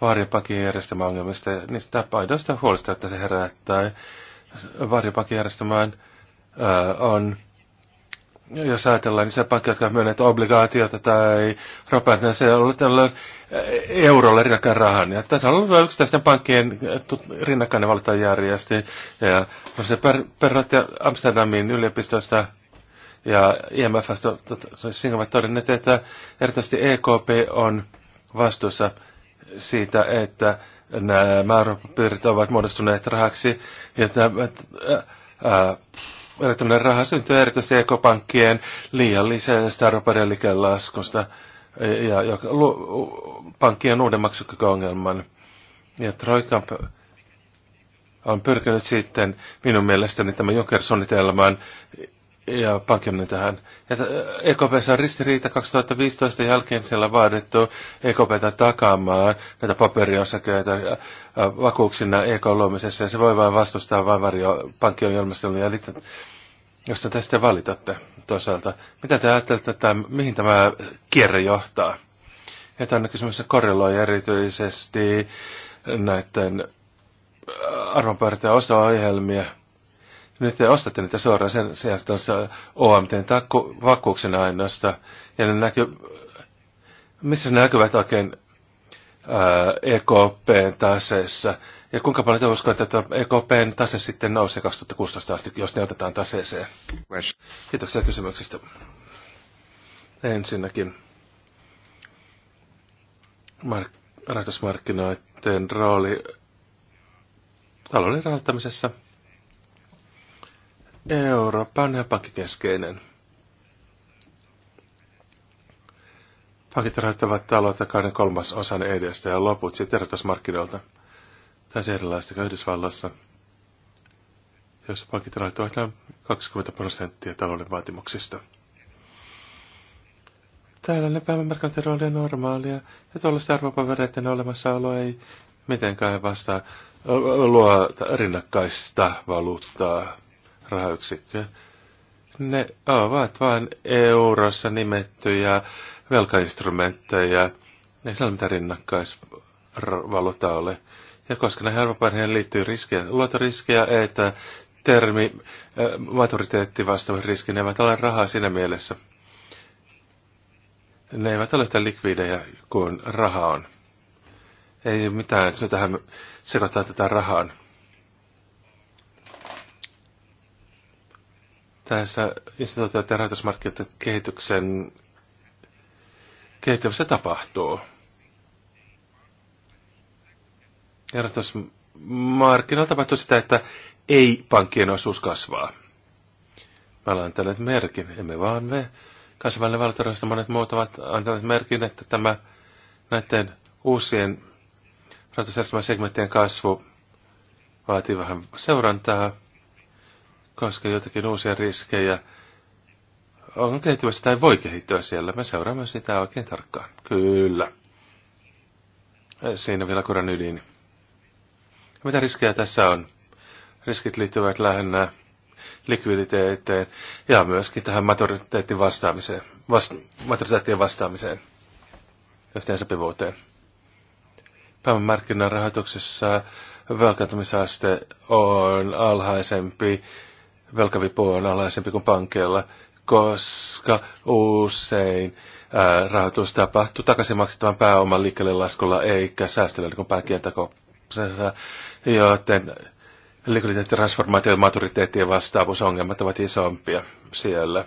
varjopakin järjestelmän ongelmista. Niistä paidoista huolesta, että se herättää. Varjopakin on, jos ajatellaan, niin se pankki, jotka myönnet obligaatiota tai ropaat, niin se on ollut eurolla rinnakkain rahan. Ja tässä on ollut yksittäisten pankkien rinnakkainen valtajärjesti. Ja se per, perrat Amsterdamin yliopistosta ja IMFstä tota, Singapore todenneet, että erityisesti EKP on vastuussa siitä, että nämä määräpiirit ovat muodostuneet rahaksi. Ja tämä, ää, äh, äh, raha syntyy erityisesti ekopankkien liiallisesta arvopaperiliikkeen laskusta, ja, ja lu, pankkien uuden maksukykyongelman. Ja Troikan on pyrkinyt sitten minun mielestäni tämän Joker-suunnitelman ja pankemmin tähän. EKPssä on ristiriita 2015 jälkeen, siellä vaadittu EKPtä takaamaan näitä paperiosakeita vakuuksina EK luomisessa, ja se voi vain vastustaa vain varjo pankkion ilmastelua, eli jos te tästä valitatte toisaalta. Mitä te ajattelette, että mihin tämä kierre johtaa? Ja tämä kysymys korreloi erityisesti näiden arvonpyörittäjä osto-ohjelmia, nyt te ostatte niitä suoraan sen sijaan tuossa OMT-vakuuksen ainoasta. Ja ne näkyy, missä ne näkyvät oikein ää, ekp taseessa. Ja kuinka paljon te uskoitte, että EKPn tase sitten nousee 2016 asti, jos ne otetaan taseeseen? Kiitoksia kysymyksistä. Ensinnäkin mark- rahoitusmarkkinoiden rooli talouden rahoittamisessa – Eurooppa on pankkikeskeinen. Pankit rahoittavat taloutta kahden kolmas osan edestä ja loput sitten erotusmarkkinoilta. Täysin erilaista kuin Yhdysvalloissa, jossa pankit rahoittavat noin 20 prosenttia talouden vaatimuksista. Täällä ne päivämarkkinat on normaalia, ja tuollaisten arvopavereiden olemassaolo ei mitenkään vastaa luo rinnakkaista valuuttaa rahayksikköä. Ne ovat vain eurossa nimettyjä velkainstrumentteja. Ei siellä mitään rinnakkaisvaluuta ole. Ja koska näihin arvopaineihin liittyy riskejä, luotoriskejä, että termi äh, maturiteetti vastaavat riski, ne eivät ole rahaa siinä mielessä. Ne eivät ole yhtä likvidejä kuin raha on. Ei mitään, se tähän sekoittaa tätä rahaan. tässä instituutioiden ja rahoitusmarkkinoiden kehityksen kehittymässä tapahtuu. Ja rahoitusmarkkinoilla tapahtuu sitä, että ei-pankkien osuus kasvaa. Mä olen antaneet merkin, emme vaan me. Kansainvälinen valtarahasto monet muut ovat antaneet merkin, että tämä näiden uusien rahoitusjärjestelmän segmenttien kasvu vaatii vähän seurantaa – koskee jotakin uusia riskejä, on kehittymässä tai voi kehittyä siellä. Me seuraamme sitä oikein tarkkaan. Kyllä. Eh, siinä vielä kuran ydin. Mitä riskejä tässä on? Riskit liittyvät lähinnä likviditeetteen ja myöskin tähän maturiteettiin vastaamiseen, vast, maturiteettien vastaamiseen, yhteensopivuuteen. Pääomamarkkinan rahoituksessa velkaantumisaste on alhaisempi velkavipu on alaisempi kuin pankeilla, koska usein ää, rahoitus tapahtuu takaisin maksettavan pääoman liikkeelle laskulla eikä säästelyllä niin pääkieltäko. Joten likviditeettitransformaatio ja maturiteetti ja vastaavuusongelmat ovat isompia siellä.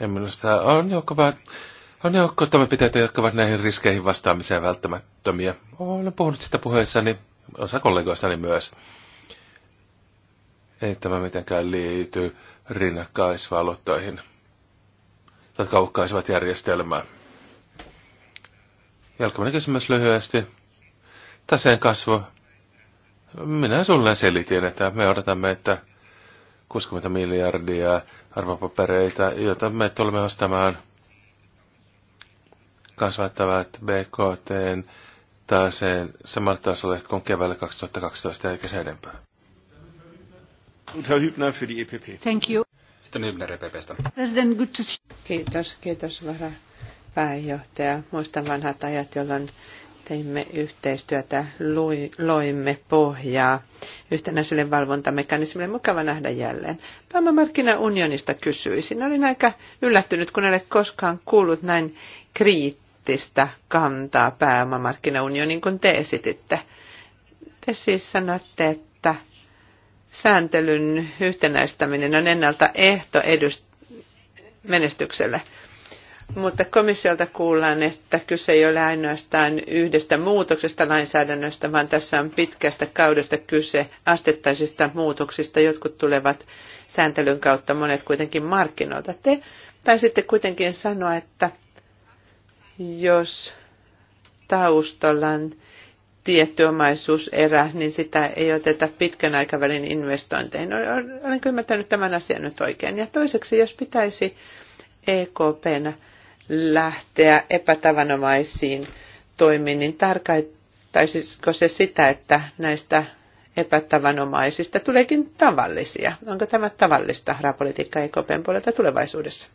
Ja minusta on joukko, vaan, on joukko toimenpiteitä, jotka ovat näihin riskeihin vastaamiseen välttämättömiä. Olen puhunut sitä puheessani, osa kollegoistani myös. Ei tämä mitenkään liity rinnakkaisvalottoihin, jotka uhkaisivat järjestelmää. Jalkaminen kysymys lyhyesti. Taseen kasvu. Minä sulle selitin, että me odotamme, että 60 miljardia arvopapereita, joita me tulemme ostamaan kasvattavat BKT taseen samalla tasolle kuin keväällä 2012 eikä se enempää. Jutta Hübner für die EPP. Thank you. Sitten Hübner EPPstä. President, good to see Kiitos, kiitos vara pääjohtaja. Muistan vanhat ajat, jolloin teimme yhteistyötä, lui, loimme pohjaa yhtenäiselle valvontamekanismille. Mukava nähdä jälleen. Pääomamarkkinaunionista kysyisin. Olin aika yllättynyt, kun en ole koskaan kuullut näin kriittistä kantaa pääomamarkkinaunioniin, kun te esititte. Te siis sanotte, että sääntelyn yhtenäistäminen on ennalta ehto edust- menestykselle. Mutta komissiolta kuullaan, että kyse ei ole ainoastaan yhdestä muutoksesta lainsäädännöstä, vaan tässä on pitkästä kaudesta kyse astettaisista muutoksista. Jotkut tulevat sääntelyn kautta, monet kuitenkin markkinoilta. Te tai sitten kuitenkin sanoa, että jos taustalla on tietty omaisuuserä, niin sitä ei oteta pitkän aikavälin investointeihin. Olen ymmärtänyt tämän asian nyt oikein. Ja toiseksi, jos pitäisi EKP:n lähteä epätavanomaisiin toimiin, niin tarkoittaisiko se sitä, että näistä epätavanomaisista tuleekin tavallisia? Onko tämä tavallista rahapolitiikkaa EKPn puolelta tulevaisuudessa?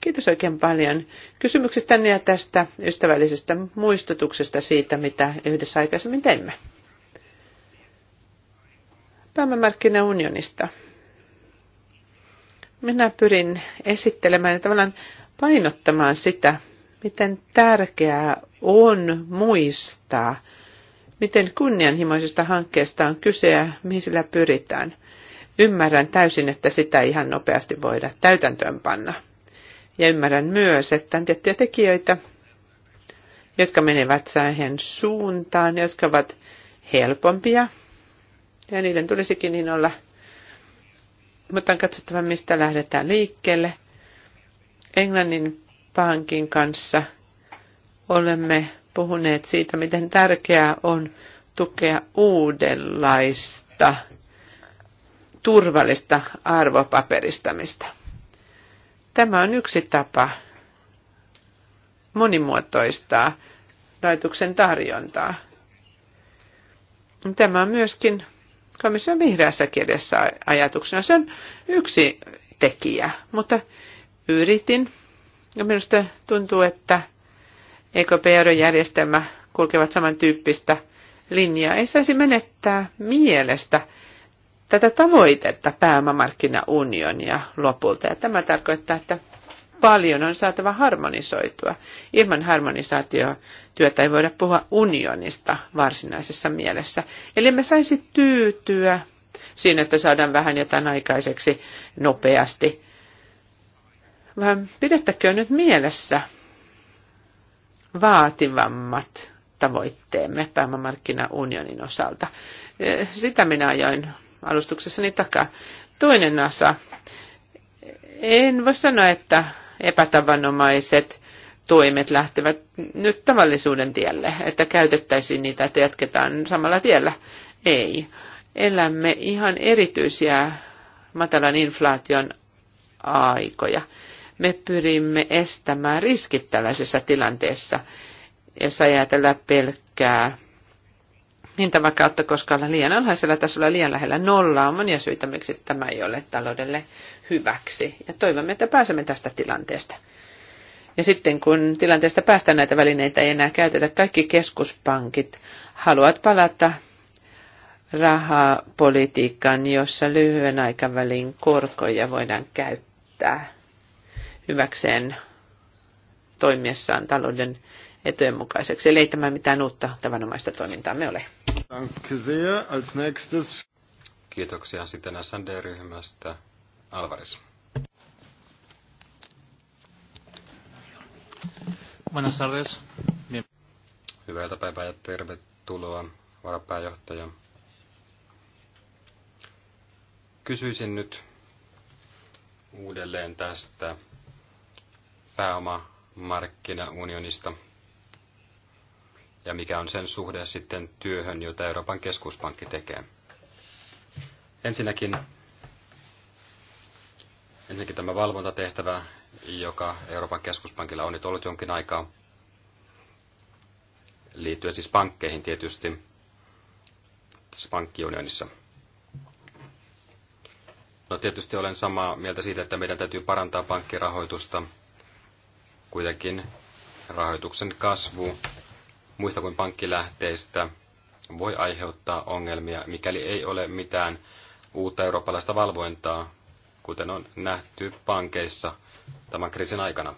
Kiitos oikein paljon kysymyksistä ja tästä ystävällisestä muistutuksesta siitä, mitä yhdessä aikaisemmin teimme. unionista, Minä pyrin esittelemään ja tavallaan painottamaan sitä, miten tärkeää on muistaa, miten kunnianhimoisesta hankkeesta on kyse ja mihin sillä pyritään. Ymmärrän täysin, että sitä ihan nopeasti voida täytäntöönpanna. panna ja ymmärrän myös, että on tiettyjä tekijöitä, jotka menevät siihen suuntaan, jotka ovat helpompia. Ja niiden tulisikin niin olla. Mutta on katsottava, mistä lähdetään liikkeelle. Englannin pankin kanssa olemme puhuneet siitä, miten tärkeää on tukea uudenlaista turvallista arvopaperistamista. Tämä on yksi tapa monimuotoistaa rahoituksen tarjontaa. Tämä on myöskin komission vihreässä kielessä ajatuksena. Se on yksi tekijä, mutta yritin. Ja minusta tuntuu, että EKP järjestelmä kulkevat samantyyppistä linjaa. Ei saisi menettää mielestä tätä tavoitetta pääomamarkkinaunionia lopulta. Ja tämä tarkoittaa, että paljon on saatava harmonisoitua. Ilman harmonisaatiotyötä ei voida puhua unionista varsinaisessa mielessä. Eli me saisi tyytyä siinä, että saadaan vähän jotain aikaiseksi nopeasti. Vaan pidettäkö nyt mielessä vaativammat tavoitteemme pääomamarkkinaunionin osalta. Sitä minä ajoin alustuksessani takaa. Toinen osa. En voi sanoa, että epätavanomaiset toimet lähtevät nyt tavallisuuden tielle, että käytettäisiin niitä, että jatketaan samalla tiellä. Ei. Elämme ihan erityisiä matalan inflaation aikoja. Me pyrimme estämään riskit tällaisessa tilanteessa, jos ajatellaan pelkkää niin tämä kautta, koska ollaan liian alhaisella tasolla, liian lähellä nollaa, on monia syitä, miksi tämä ei ole taloudelle hyväksi. Ja toivomme, että pääsemme tästä tilanteesta. Ja sitten kun tilanteesta päästään näitä välineitä ei enää käytetä, kaikki keskuspankit haluavat palata rahapolitiikkaan, jossa lyhyen aikavälin korkoja voidaan käyttää hyväkseen toimiessaan talouden etujen mukaiseksi. Eli ei tämä mitään uutta tavanomaista toimintaa me ole. Kiitoksia sitten SND-ryhmästä. Alvaris. Buenas tardes. Bien. Hyvää iltapäivää ja tervetuloa, varapääjohtaja. Kysyisin nyt uudelleen tästä pääomamarkkinaunionista ja mikä on sen suhde sitten työhön, jota Euroopan keskuspankki tekee. Ensinnäkin, ensinnäkin tämä valvontatehtävä, joka Euroopan keskuspankilla on nyt ollut jonkin aikaa, liittyen siis pankkeihin tietysti tässä pankkiunionissa. No tietysti olen samaa mieltä siitä, että meidän täytyy parantaa pankkirahoitusta. Kuitenkin rahoituksen kasvu muista kuin pankkilähteistä voi aiheuttaa ongelmia, mikäli ei ole mitään uutta eurooppalaista valvointaa, kuten on nähty pankeissa tämän kriisin aikana.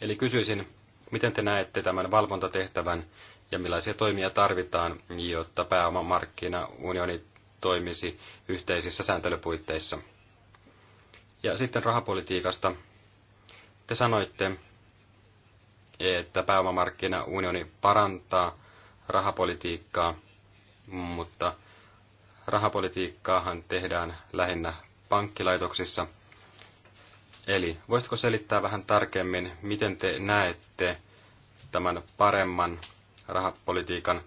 Eli kysyisin, miten te näette tämän valvontatehtävän ja millaisia toimia tarvitaan, jotta pääomamarkkinaunioni toimisi yhteisissä sääntelypuitteissa. Ja sitten rahapolitiikasta. Te sanoitte, että pääomamarkkinaunioni parantaa rahapolitiikkaa, mutta rahapolitiikkaahan tehdään lähinnä pankkilaitoksissa. Eli voisitko selittää vähän tarkemmin, miten te näette tämän paremman rahapolitiikan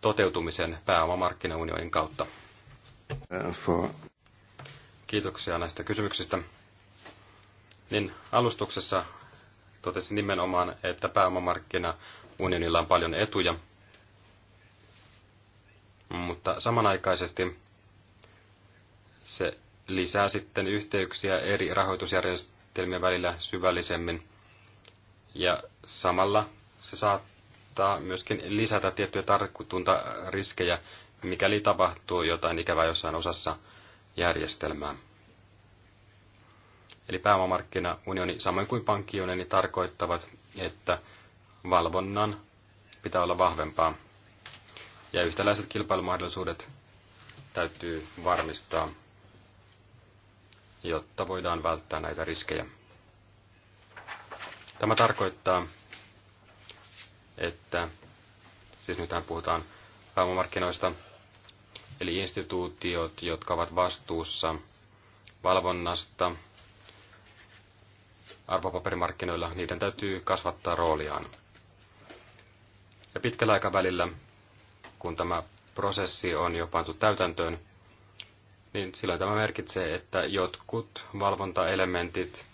toteutumisen pääomamarkkinaunionin kautta? Kiitoksia näistä kysymyksistä. Niin alustuksessa totesi nimenomaan, että pääomamarkkina unionilla on paljon etuja, mutta samanaikaisesti se lisää sitten yhteyksiä eri rahoitusjärjestelmien välillä syvällisemmin ja samalla se saattaa myöskin lisätä tiettyjä tarkkuutunta riskejä, mikäli tapahtuu jotain ikävää jossain osassa järjestelmää. Eli pääomamarkkinaunioni, samoin kuin pankkiunioni, tarkoittavat, että valvonnan pitää olla vahvempaa. Ja yhtäläiset kilpailumahdollisuudet täytyy varmistaa, jotta voidaan välttää näitä riskejä. Tämä tarkoittaa, että siis nythän puhutaan pääomamarkkinoista, eli instituutiot, jotka ovat vastuussa valvonnasta, arvopaperimarkkinoilla, niiden täytyy kasvattaa rooliaan. Ja pitkällä aikavälillä, kun tämä prosessi on jo pantu täytäntöön, niin silloin tämä merkitsee, että jotkut valvontaelementit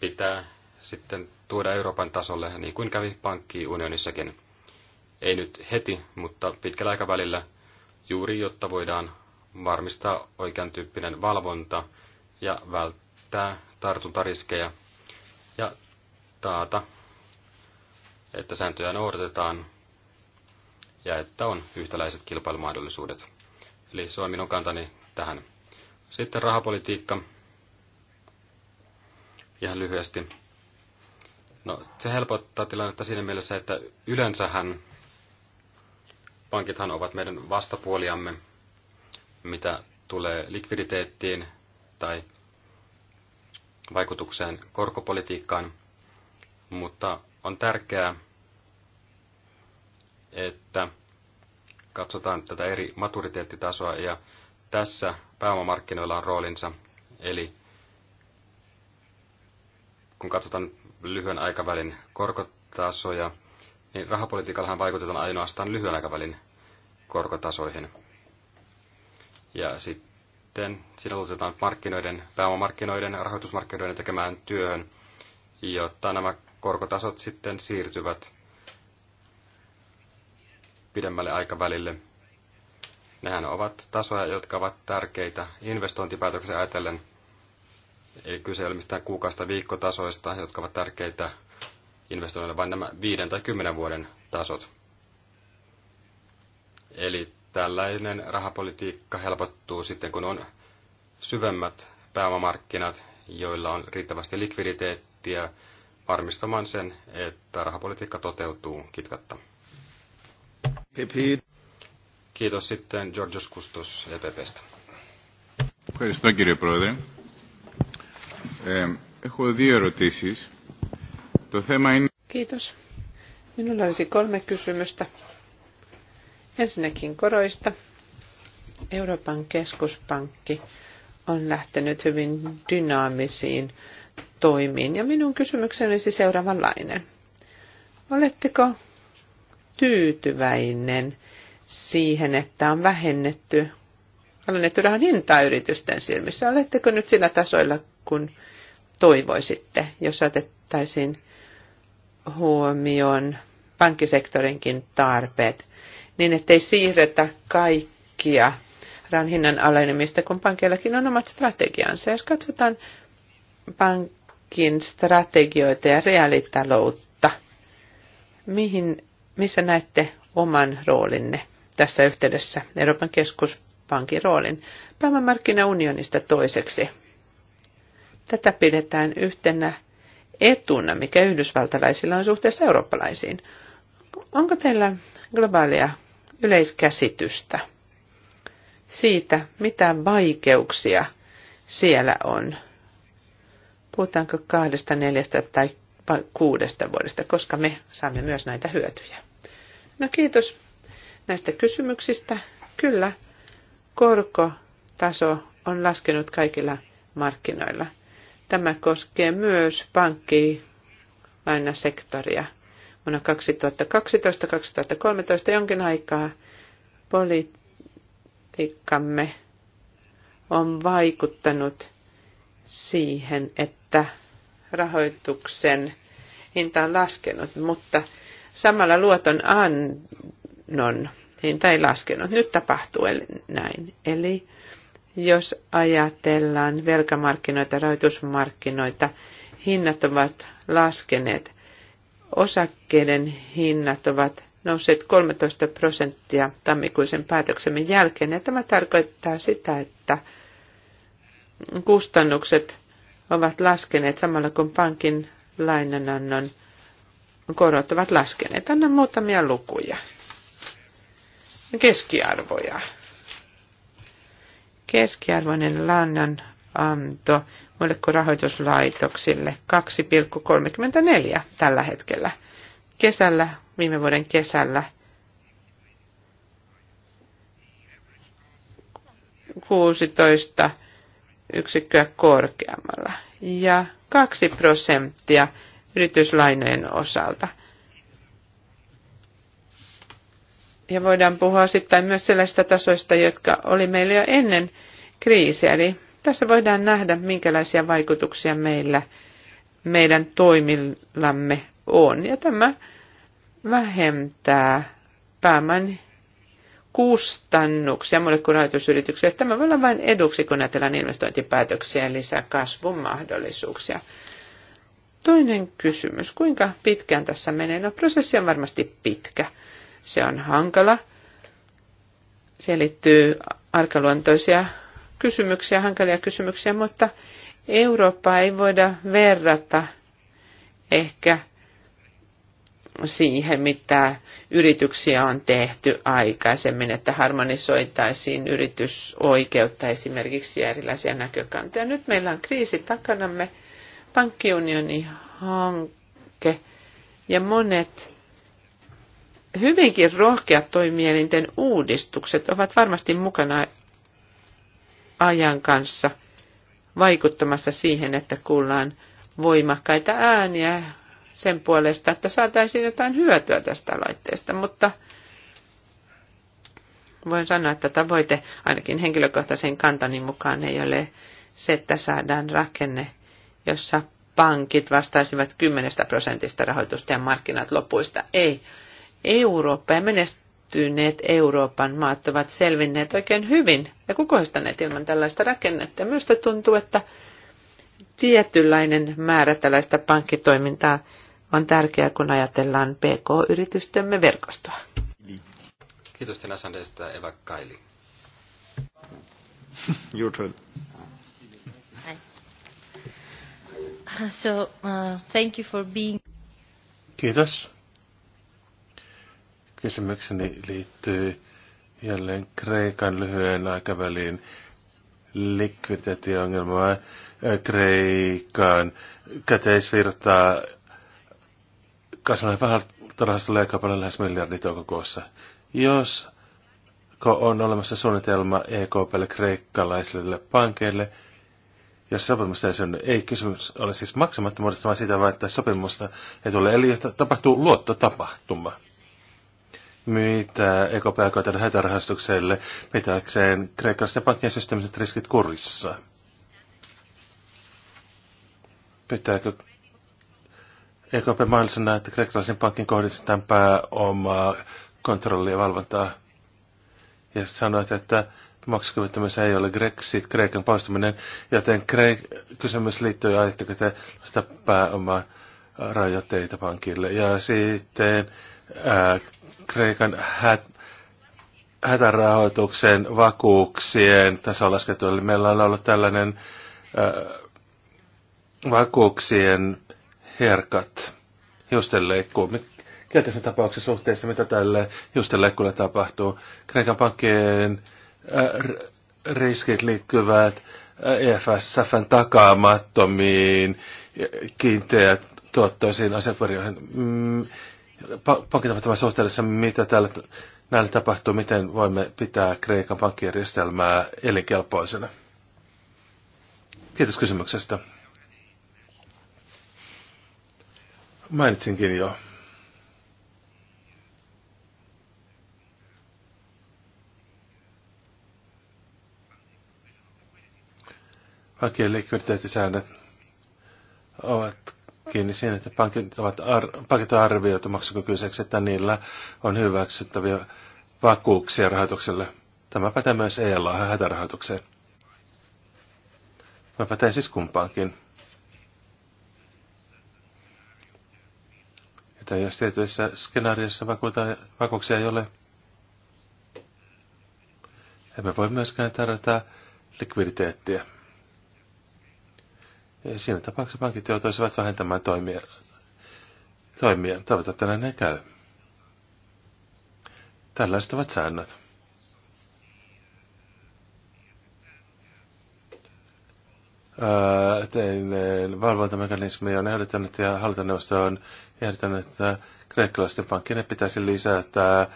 pitää sitten tuoda Euroopan tasolle, niin kuin kävi pankkiunionissakin. Ei nyt heti, mutta pitkällä aikavälillä juuri, jotta voidaan varmistaa oikean tyyppinen valvonta ja välttää tartuntariskejä ja taata, että sääntöjä noudatetaan ja että on yhtäläiset kilpailumahdollisuudet. Eli se on minun kantani tähän. Sitten rahapolitiikka. Ihan lyhyesti. No, se helpottaa tilannetta siinä mielessä, että yleensähän pankithan ovat meidän vastapuoliamme, mitä tulee likviditeettiin tai vaikutukseen korkopolitiikkaan, mutta on tärkeää, että katsotaan tätä eri maturiteettitasoa ja tässä pääomamarkkinoilla on roolinsa. Eli kun katsotaan lyhyen aikavälin korkotasoja, niin rahapolitiikallahan vaikutetaan ainoastaan lyhyen aikavälin korkotasoihin. Ja sitten sitten siinä luotetaan markkinoiden, pääomamarkkinoiden, rahoitusmarkkinoiden tekemään työhön, jotta nämä korkotasot sitten siirtyvät pidemmälle aikavälille. Nehän ovat tasoja, jotka ovat tärkeitä investointipäätöksen ajatellen. Ei kyse ole mistään kuukausta viikkotasoista, jotka ovat tärkeitä investoinnille, vaan nämä viiden tai kymmenen vuoden tasot. Eli tällainen rahapolitiikka helpottuu sitten, kun on syvemmät pääomamarkkinat, joilla on riittävästi likviditeettiä varmistamaan sen, että rahapolitiikka toteutuu kitkatta. Kiitos sitten Georgios Kustos EPPstä. Ευχαριστώ κύριε Πρόεδρε. Ε, έχω δύο ερωτήσεις. Το θέμα είναι... Kiitos. Minulla olisi kolme kysymystä. Ensinnäkin koroista. Euroopan keskuspankki on lähtenyt hyvin dynaamisiin toimiin. Ja minun kysymykseni olisi siis seuraavanlainen. Oletteko tyytyväinen siihen, että on vähennetty, alennettu rahan hintaa yritysten silmissä? Oletteko nyt sillä tasoilla, kun toivoisitte, jos otettaisiin huomioon pankkisektorinkin tarpeet niin ettei siirretä kaikkia ranhinnan alenemista, kun pankeillakin on omat strategiansa. Jos katsotaan pankin strategioita ja reaalitaloutta, mihin, missä näette oman roolinne tässä yhteydessä, Euroopan keskuspankin roolin, pääomamarkkinaunionista toiseksi. Tätä pidetään yhtenä etuna, mikä yhdysvaltalaisilla on suhteessa eurooppalaisiin. Onko teillä globaalia yleiskäsitystä siitä, mitä vaikeuksia siellä on. Puhutaanko kahdesta, neljästä tai kuudesta vuodesta, koska me saamme myös näitä hyötyjä. No kiitos näistä kysymyksistä. Kyllä, korkotaso on laskenut kaikilla markkinoilla. Tämä koskee myös pankkilainasektoria vuonna 2012-2013 jonkin aikaa politiikkamme on vaikuttanut siihen, että rahoituksen hinta on laskenut, mutta samalla luoton annon hinta ei laskenut. Nyt tapahtuu näin. Eli jos ajatellaan velkamarkkinoita, rahoitusmarkkinoita, hinnat ovat laskeneet osakkeiden hinnat ovat nousseet 13 prosenttia tammikuisen päätöksemme jälkeen. Ja tämä tarkoittaa sitä, että kustannukset ovat laskeneet samalla kun pankin lainanannon korot ovat laskeneet. Anna muutamia lukuja. Keskiarvoja. Keskiarvoinen lainan anto muille kuin rahoituslaitoksille 2,34 tällä hetkellä. Kesällä, viime vuoden kesällä, kuusitoista yksikköä korkeammalla ja 2 prosenttia yrityslainojen osalta. Ja voidaan puhua sitten myös sellaista tasoista, jotka oli meillä jo ennen kriisiä, eli tässä voidaan nähdä, minkälaisia vaikutuksia meillä meidän toimillamme on. Ja tämä vähentää pääoman kustannuksia mulle kuin rahoitusyrityksille. Tämä voi olla vain eduksi, kun ajatellaan investointipäätöksiä ja lisää kasvun mahdollisuuksia. Toinen kysymys, kuinka pitkään tässä menee? No prosessi on varmasti pitkä. Se on hankala. Siihen liittyy arkaluontoisia kysymyksiä, hankalia kysymyksiä, mutta Eurooppaa ei voida verrata ehkä siihen, mitä yrityksiä on tehty aikaisemmin, että harmonisoitaisiin yritysoikeutta esimerkiksi ja erilaisia näkökantoja. Nyt meillä on kriisi takanamme, pankkiunionin hanke ja monet hyvinkin rohkeat toimielinten uudistukset ovat varmasti mukana ajan kanssa vaikuttamassa siihen, että kuullaan voimakkaita ääniä sen puolesta, että saataisiin jotain hyötyä tästä laitteesta, mutta voin sanoa, että tavoite ainakin henkilökohtaisen kantani mukaan ei ole se, että saadaan rakenne, jossa pankit vastaisivat 10 prosentista rahoitusta ja markkinat lopuista. Ei. Eurooppa ja menestys kehittyneet Euroopan maat ovat selvinneet oikein hyvin ja kukoistaneet ilman tällaista rakennetta. Minusta tuntuu, että tietynlainen määrä tällaista pankkitoimintaa on tärkeää, kun ajatellaan PK-yritystemme verkostoa. Kiitos teille Sandeista, Eva Kaili. Your turn. So, uh, thank you for being... Kiitos Kysymykseni liittyy jälleen Kreikan lyhyen aikavälin likviditeettiongelmaa, Kreikan käteisvirtaa vähän vähältörahasta leikkaa paljon lähes miljardi toukokuussa. Jos on olemassa suunnitelma EKPlle kreikkalaisille pankeille, jos sopimusta ei synny, ei kysymys ole siis maksamattomuudesta, vaan siitä vaan, että sopimusta ei tule. Eli jos tapahtuu luottotapahtuma mitä EKP hätärahastukselle pitääkseen kreikkalaisten pankkien systeemiset riskit kurissa. Pitääkö EKP mahdollisena, että kreikkalaisen pankin kohdistetaan pääomaa, kontrollia ja valvontaa? Ja sanoit, että maksukyvyttömyys ei ole Grexit, Kreikan poistuminen, joten Kreik- kysymys liittyy, ajatteko te sitä pääomaa rajoitteita pankille. Ja sitten ää, äh, Kreikan hät, hätärahoituksen vakuuksien tasolla, laskettu. Eli meillä on ollut tällainen ää, äh, vakuuksien herkat hiustenleikkuun. Kielteisen tapauksen suhteessa, mitä tälle hiustenleikkuulle tapahtuu. Kreikan pankkien ää, äh, riskit liittyvät EFSFn takaamattomiin kiinteät tuottoisiin asiakirjoihin. Mm, pankit ovat mitä täällä näillä tapahtuu, miten voimme pitää Kreikan pankkijärjestelmää elinkelpoisena. Kiitos kysymyksestä. Mainitsinkin jo. Pankkien likviditeettisäännöt ovat kiinni siinä, että pankit, ovat ar- pankit on arvioitu maksukykyiseksi, että niillä on hyväksyttäviä vakuuksia rahoitukselle. Tämä pätee myös ELA hätärahoitukseen. Tämä pätee siis kumpaankin. Että jos tietyissä skenaariossa vakuuksia ei ole, emme voi myöskään tarjota likviditeettiä. Ja siinä tapauksessa pankit joutuisivat vähentämään toimia. toimia. Toivotaan, että näin ei käy. Tällaiset ovat säännöt. Öö, teinen valvontamekanismi on ehdottanut ja hallintoneuvosto on ehdottanut, että kreikkalaisten pankkien pitäisi lisätä öö,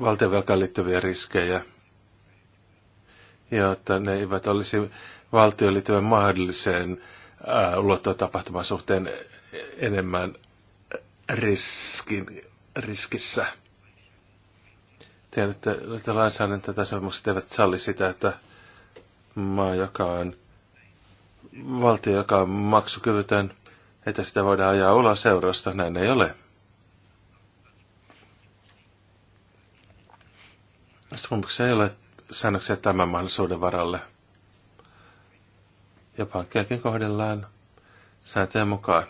valtionvelkaan liittyviä riskejä, jotta ne eivät olisi valtio liittyvän mahdolliseen äh, luottotapahtuman suhteen enemmän riskin, riskissä. Tiedän, että lainsäädäntötasomukset eivät salli sitä, että maa, joka on valtio, joka on maksukyvytön, että sitä voidaan ajaa ulos seurasta. Näin ei ole. Sopimuksessa ei ole säännöksiä tämän mahdollisuuden varalle ja pankkiakin kohdellaan sääntöjen mukaan.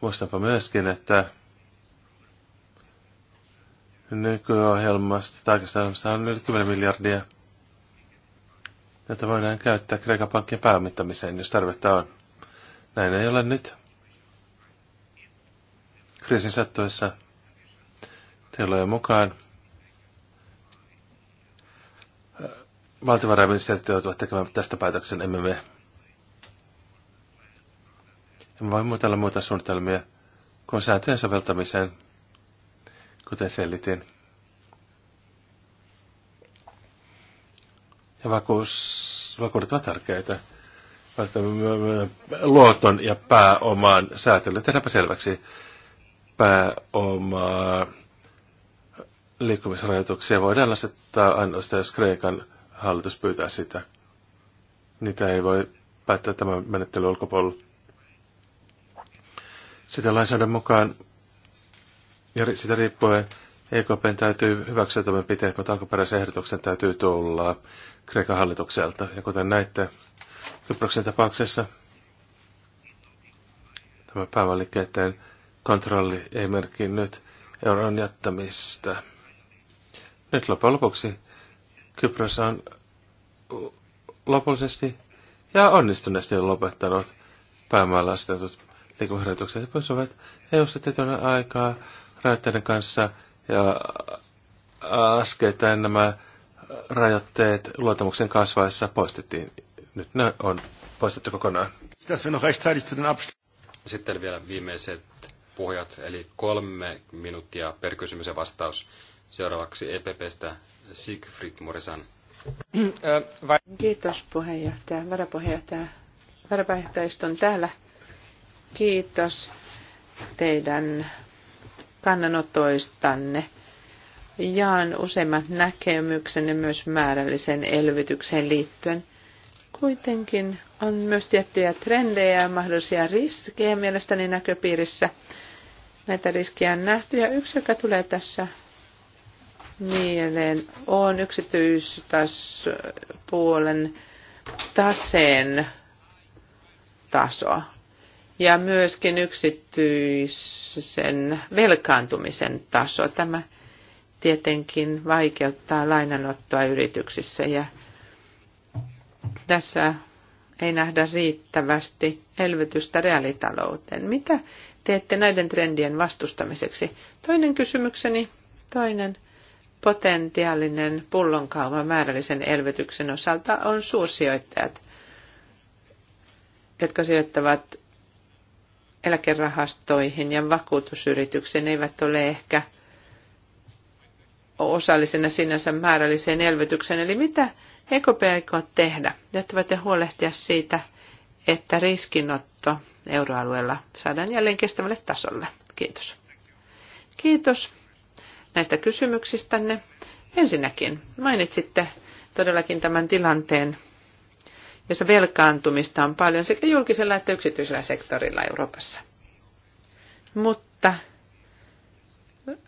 Muistanpa myöskin, että nykyohjelmasta tai on yli 10 miljardia, jota voidaan käyttää Kreikan pankkien pääomittamiseen, jos tarvetta on. Näin ei ole nyt. Kriisin sattuessa tilojen mukaan valtiovarainministeriöt joutuvat tekemään tästä päätöksen, emme me. Emme voi muutella muita suunnitelmia kuin sääntöjen soveltamiseen, kuten selitin. Ja vakuus, vakuudet ovat tärkeitä. Luoton ja pääoman säätely. Tehdäänpä selväksi. pääomaa liikkumisrajoituksia voidaan asettaa ainoastaan, jos Kreikan hallitus pyytää sitä. Niitä ei voi päättää tämän menettelyn ulkopuolella. Sitä lainsäädännön mukaan ja sitä riippuen EKP täytyy hyväksyä toimenpiteet, mutta alkuperäisen ehdotuksen täytyy tulla Kreikan hallitukselta. Ja kuten näitte, Kyproksen tapauksessa tämä päävalikkeiden kontrolli ei merkinnyt euron jättämistä. Nyt loppujen lopuksi Kypros on lopullisesti ja onnistuneesti on lopettanut päämaalla asetetut liikuharjoitukset. ja pysyvät heustetetun aikaa rajoitteiden kanssa ja askeltaen nämä rajoitteet luottamuksen kasvaessa poistettiin. Nyt ne on poistettu kokonaan. Sitten vielä viimeiset puhujat, eli kolme minuuttia per kysymys ja vastaus. Seuraavaksi EPPstä Siegfried Moresan. Kiitos puheenjohtaja, varapuheenjohtaja. Varapuheenjohtajiston täällä. Kiitos teidän kannanotoistanne. Jaan useimmat näkemyksenne myös määrällisen elvytykseen liittyen. Kuitenkin on myös tiettyjä trendejä ja mahdollisia riskejä mielestäni näköpiirissä. Näitä riskejä on nähty ja yksi, joka tulee tässä mieleen on yksityispuolen taseen taso ja myöskin yksityisen velkaantumisen taso. Tämä tietenkin vaikeuttaa lainanottoa yrityksissä ja tässä ei nähdä riittävästi elvytystä reaalitalouteen. Mitä teette näiden trendien vastustamiseksi? Toinen kysymykseni, toinen potentiaalinen pullonkauma määrällisen elvytyksen osalta on suursijoittajat, jotka sijoittavat eläkerahastoihin ja vakuutusyrityksiin, eivät ole ehkä osallisena sinänsä määrälliseen elvytykseen. Eli mitä EKP aikoo tehdä, jotta voitte huolehtia siitä, että riskinotto euroalueella saadaan jälleen kestävälle tasolle? Kiitos. Kiitos näistä kysymyksistänne. Ensinnäkin mainitsitte todellakin tämän tilanteen, jossa velkaantumista on paljon sekä julkisella että yksityisellä sektorilla Euroopassa. Mutta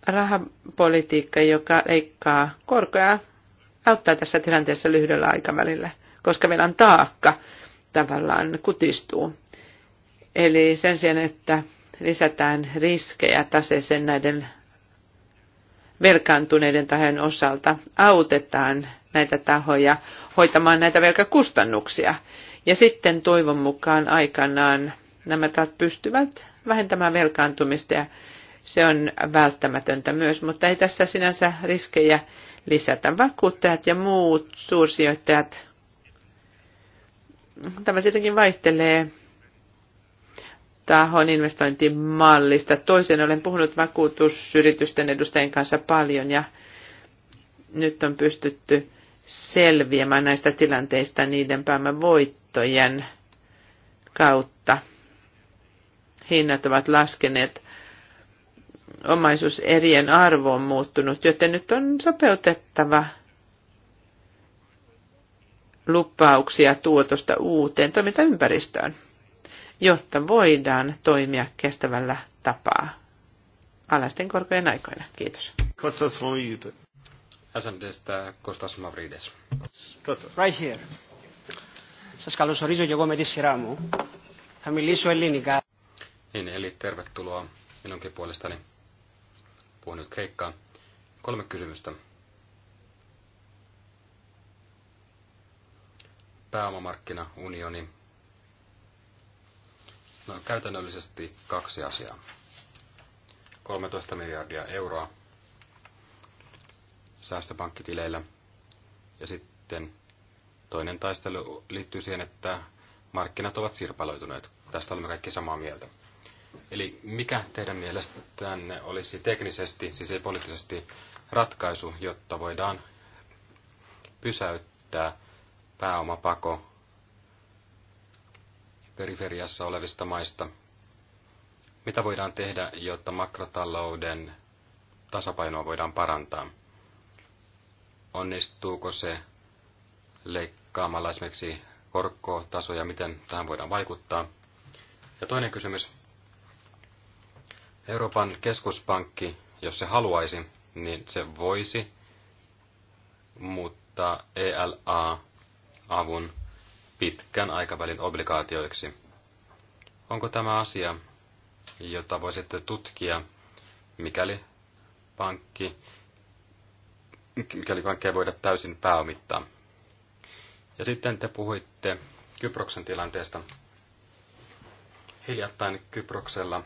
rahapolitiikka, joka leikkaa korkoja, auttaa tässä tilanteessa lyhyellä aikavälillä, koska meillä on taakka tavallaan kutistuu. Eli sen sijaan, että lisätään riskejä taseeseen näiden velkaantuneiden tahojen osalta autetaan näitä tahoja hoitamaan näitä velkakustannuksia. Ja sitten toivon mukaan aikanaan nämä tahot pystyvät vähentämään velkaantumista ja se on välttämätöntä myös, mutta ei tässä sinänsä riskejä lisätä. Vakuuttajat ja muut suursijoittajat, tämä tietenkin vaihtelee Tahon investointimallista. Toisen olen puhunut vakuutusyritysten edustajien kanssa paljon ja nyt on pystytty selviämään näistä tilanteista niiden voittojen kautta. Hinnat ovat laskeneet, omaisuuserien arvo on muuttunut, joten nyt on sopeutettava lupauksia tuotosta uuteen toimintaympäristöön jotta voidaan toimia kestävällä tapaa alaisten korkojen aikoina. Kiitos. Kostas Mavrides. SMDstä Kostas Mavrides. Kostas. Right here. Σας καλωσορίζω και εγώ με τη σειρά μου. Θα μιλήσω ελληνικά. Niin, eli tervetuloa minunkin puolestani. Puhun nyt kreikkaa. Kolme kysymystä. Unioni. No, käytännöllisesti kaksi asiaa. 13 miljardia euroa säästöpankkitileillä. Ja sitten toinen taistelu liittyy siihen, että markkinat ovat sirpaloituneet. Tästä olemme kaikki samaa mieltä. Eli mikä teidän mielestänne olisi teknisesti, siis ei poliittisesti, ratkaisu, jotta voidaan pysäyttää pääomapako periferiassa olevista maista. Mitä voidaan tehdä, jotta makrotalouden tasapainoa voidaan parantaa? Onnistuuko se leikkaamalla esimerkiksi korkotasoja, miten tähän voidaan vaikuttaa? Ja toinen kysymys. Euroopan keskuspankki, jos se haluaisi, niin se voisi muuttaa ELA-avun pitkän aikavälin obligaatioiksi. Onko tämä asia, jota voisitte tutkia, mikäli pankki, mikäli pankkeja voida täysin pääomittaa? Ja sitten te puhuitte Kyproksen tilanteesta. Hiljattain Kyproksella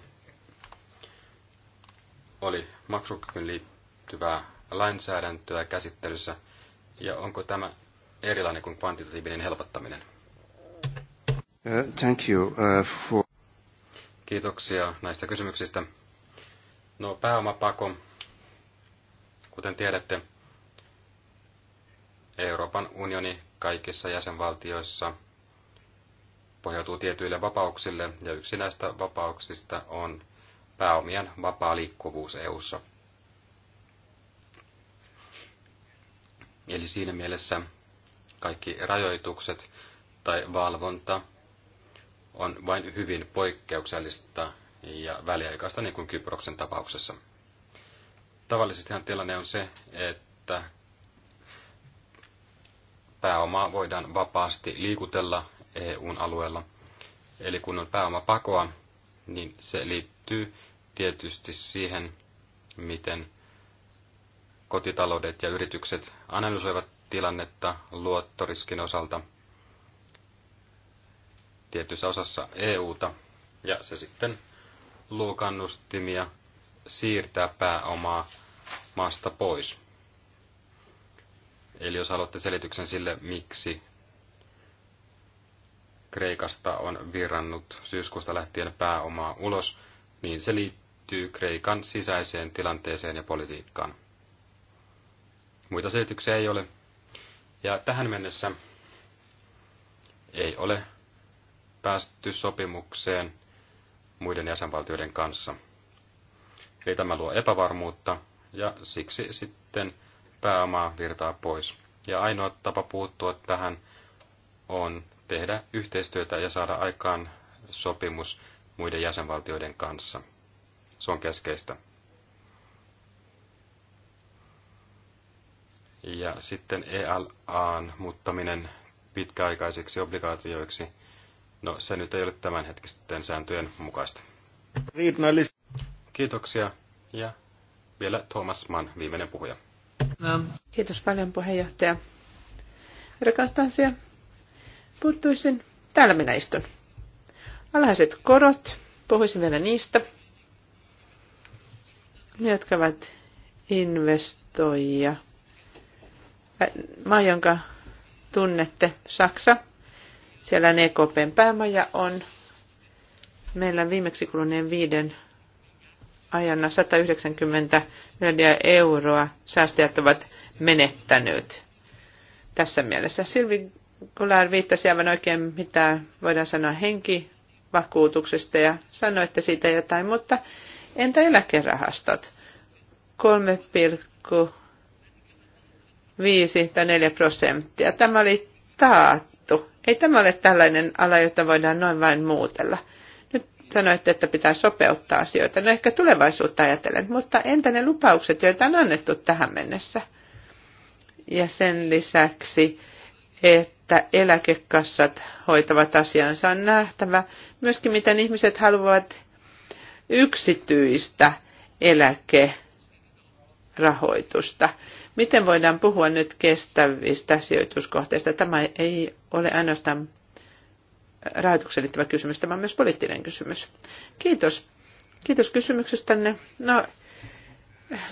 oli maksukykyyn liittyvää lainsäädäntöä käsittelyssä, ja onko tämä erilainen kuin kvantitatiivinen helpottaminen? Uh, thank you, uh, for... Kiitoksia näistä kysymyksistä. No pääomapako, kuten tiedätte, Euroopan unioni kaikissa jäsenvaltioissa pohjautuu tietyille vapauksille, ja yksi näistä vapauksista on pääomien vapaa liikkuvuus EU:ssa. Eli siinä mielessä kaikki rajoitukset tai valvonta on vain hyvin poikkeuksellista ja väliaikaista, niin kuin Kyproksen tapauksessa. Tavallisestihan tilanne on se, että pääomaa voidaan vapaasti liikutella EUn alueella. Eli kun on pääomapakoa, niin se liittyy tietysti siihen, miten kotitaloudet ja yritykset analysoivat tilannetta luottoriskin osalta – tietyssä osassa EUta, ja se sitten luo kannustimia siirtää pääomaa maasta pois. Eli jos haluatte selityksen sille, miksi Kreikasta on virrannut syyskuusta lähtien pääomaa ulos, niin se liittyy Kreikan sisäiseen tilanteeseen ja politiikkaan. Muita selityksiä ei ole. Ja tähän mennessä ei ole päästy sopimukseen muiden jäsenvaltioiden kanssa. Eli tämä luo epävarmuutta ja siksi sitten pääomaa virtaa pois. Ja ainoa tapa puuttua tähän on tehdä yhteistyötä ja saada aikaan sopimus muiden jäsenvaltioiden kanssa. Se on keskeistä. Ja sitten ELAn muuttaminen pitkäaikaisiksi obligaatioiksi – No se nyt ei ole tämänhetkisten sääntöjen mukaista. Kiitoksia ja vielä Thomas Mann, viimeinen puhuja. Kiitos paljon puheenjohtaja. Rakas asia. puuttuisin. Täällä minä istun. Alhaiset korot, puhuisin vielä niistä. Ne, jotka ovat investoijia. Maa, jonka tunnette, Saksa, siellä EKPn päämaja on. Meillä viimeksi kuluneen viiden ajana 190 miljardia euroa säästäjät ovat menettänyt. Tässä mielessä Silvi Kulär viittasi aivan oikein, mitä voidaan sanoa henkivakuutuksesta ja sanoi, että siitä jotain, mutta entä eläkerahastot? 3,5 tai 4 prosenttia. Tämä oli taattu ei tämä ole tällainen ala, jota voidaan noin vain muutella. Nyt sanoitte, että pitää sopeuttaa asioita. No ehkä tulevaisuutta ajatellen, mutta entä ne lupaukset, joita on annettu tähän mennessä? Ja sen lisäksi, että eläkekassat hoitavat asiansa on nähtävä. Myöskin miten ihmiset haluavat yksityistä eläkerahoitusta. Miten voidaan puhua nyt kestävistä sijoituskohteista? Tämä ei ole ainoastaan rahoitukseen liittyvä kysymys, tämä on myös poliittinen kysymys. Kiitos. Kiitos kysymyksestänne. No,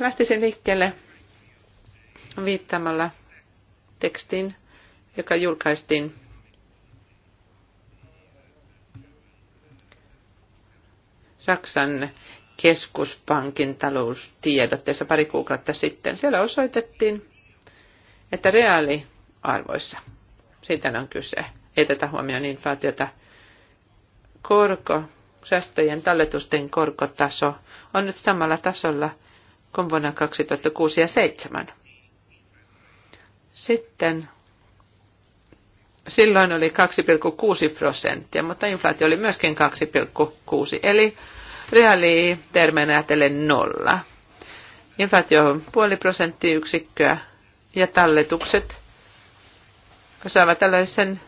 lähtisin liikkeelle viittaamalla tekstin, joka julkaistiin Saksan keskuspankin taloustiedotteessa pari kuukautta sitten. Siellä osoitettiin, että reaaliarvoissa siitä on kyse. Ei tätä huomioon inflaatiota. Korko, säästöjen talletusten korkotaso on nyt samalla tasolla kuin vuonna 2006 ja 2007. Sitten silloin oli 2,6 prosenttia, mutta inflaatio oli myöskin 2,6, eli reaalitermeinä ajatellen nolla. Inflaatio on puoli prosenttiyksikköä ja talletukset saavat tällaisen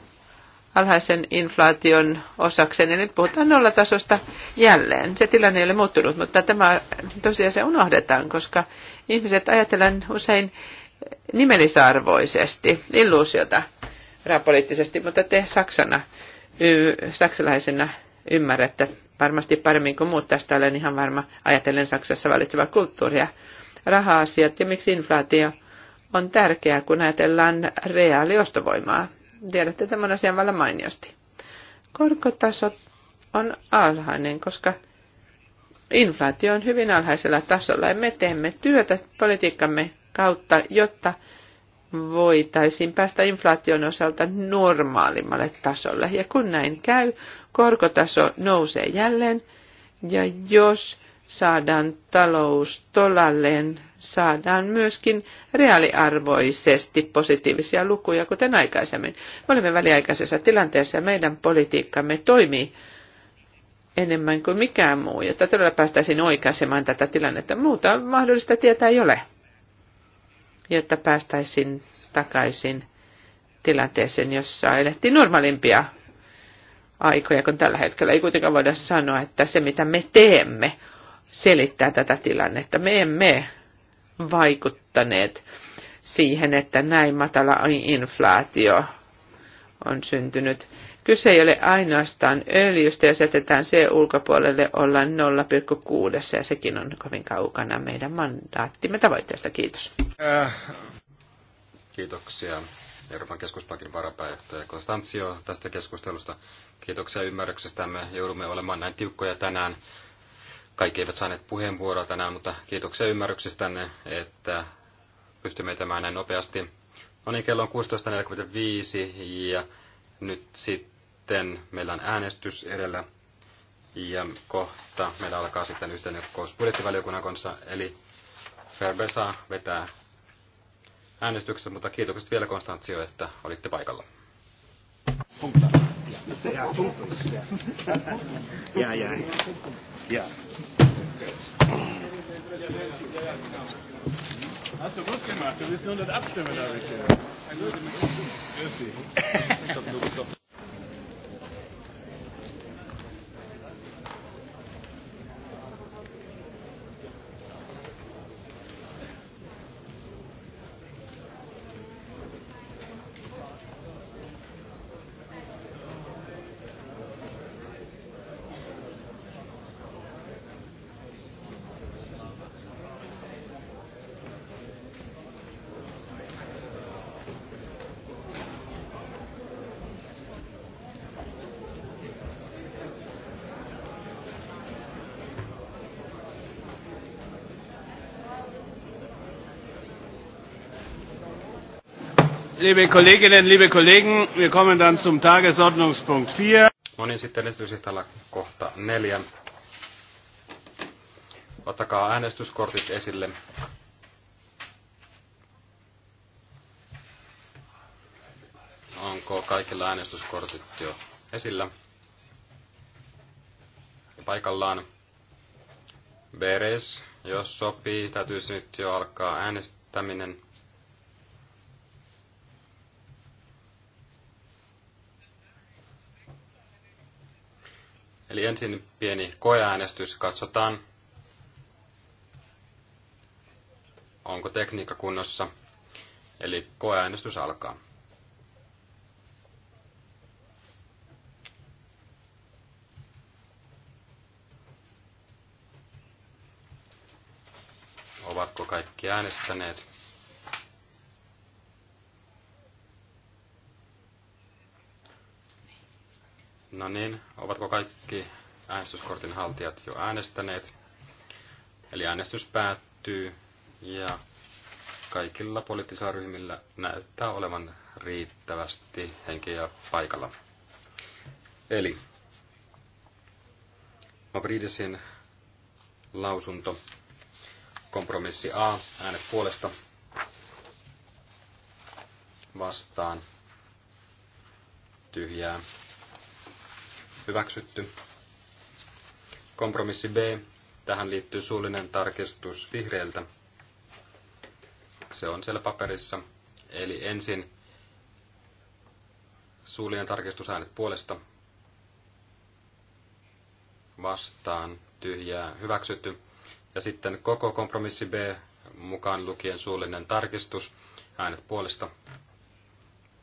alhaisen inflaation osakseen. Ja nyt puhutaan nollatasosta jälleen. Se tilanne ei ole muuttunut, mutta tämä tosiaan se unohdetaan, koska ihmiset ajatellaan usein nimellisarvoisesti, illuusiota rahapoliittisesti, mutta te saksana, y, saksalaisena ymmärrätte varmasti paremmin kuin muut. Tästä olen ihan varma, ajatellen Saksassa valitseva kulttuuria, raha-asiat ja miksi inflaatio – on tärkeää, kun ajatellaan reaaliostovoimaa. Tiedätte tämän asian vallan mainiosti. Korkotaso on alhainen, koska inflaatio on hyvin alhaisella tasolla ja me teemme työtä politiikkamme kautta, jotta voitaisiin päästä inflaation osalta normaalimmalle tasolle. Ja kun näin käy, korkotaso nousee jälleen. Ja jos saadaan talous tolalleen, saadaan myöskin reaaliarvoisesti positiivisia lukuja, kuten aikaisemmin. Me olemme väliaikaisessa tilanteessa ja meidän politiikkamme toimii enemmän kuin mikään muu, jotta todella päästäisiin oikaisemaan tätä tilannetta. Muuta mahdollista tietää ei ole, jotta päästäisiin takaisin tilanteeseen, jossa elettiin normaalimpia aikoja, kuin tällä hetkellä ei kuitenkaan voida sanoa, että se mitä me teemme – selittää tätä tilannetta. Me emme vaikuttaneet siihen, että näin matala inflaatio on syntynyt. Kyse ei ole ainoastaan öljystä, jos jätetään se ulkopuolelle, olla 0,6 ja sekin on kovin kaukana meidän mandaattimme tavoitteesta. Kiitos. Kiitoksia Euroopan keskuspankin varapääjohtaja Konstantio tästä keskustelusta. Kiitoksia ymmärryksestämme. Joudumme olemaan näin tiukkoja tänään, kaikki eivät saaneet puheenvuoroa tänään, mutta kiitoksia ymmärryksestänne, että pystymme tämän näin nopeasti. No niin, kello on 16.45 ja nyt sitten meillä on äänestys edellä. Ja kohta meillä alkaa sitten yhteinen kokous budjettivaliokunnan kanssa, eli Ferber saa vetää äänestyksessä, mutta kiitokset vielä Konstantio, että olitte paikalla. Ja, ja. Ja. Hast du gut gemacht. Du bist nur das Abstimmen, Grüß dich. liebe Kolleginnen, liebe Kollegen, wir kommen dann zum Tagesordnungspunkt 4. No niin, sitten esityslistalla kohta neljä. Ottakaa äänestyskortit esille. Onko kaikilla äänestyskortit jo esillä? Ja paikallaan. Beres, jos sopii, täytyisi nyt jo alkaa äänestäminen. ensin pieni koeäänestys, katsotaan onko tekniikka kunnossa. Eli koeäänestys alkaa. Ovatko kaikki äänestäneet? No niin, ovatko kaikki äänestyskortin haltijat jo äänestäneet? Eli äänestys päättyy ja kaikilla poliittisilla ryhmillä näyttää olevan riittävästi henkeä paikalla. Eli Mavridesin lausunto, kompromissi A, äänet puolesta vastaan tyhjää hyväksytty. Kompromissi B. Tähän liittyy suullinen tarkistus vihreiltä. Se on siellä paperissa. Eli ensin suullinen äänet puolesta vastaan tyhjää hyväksytty. Ja sitten koko kompromissi B mukaan lukien suullinen tarkistus äänet puolesta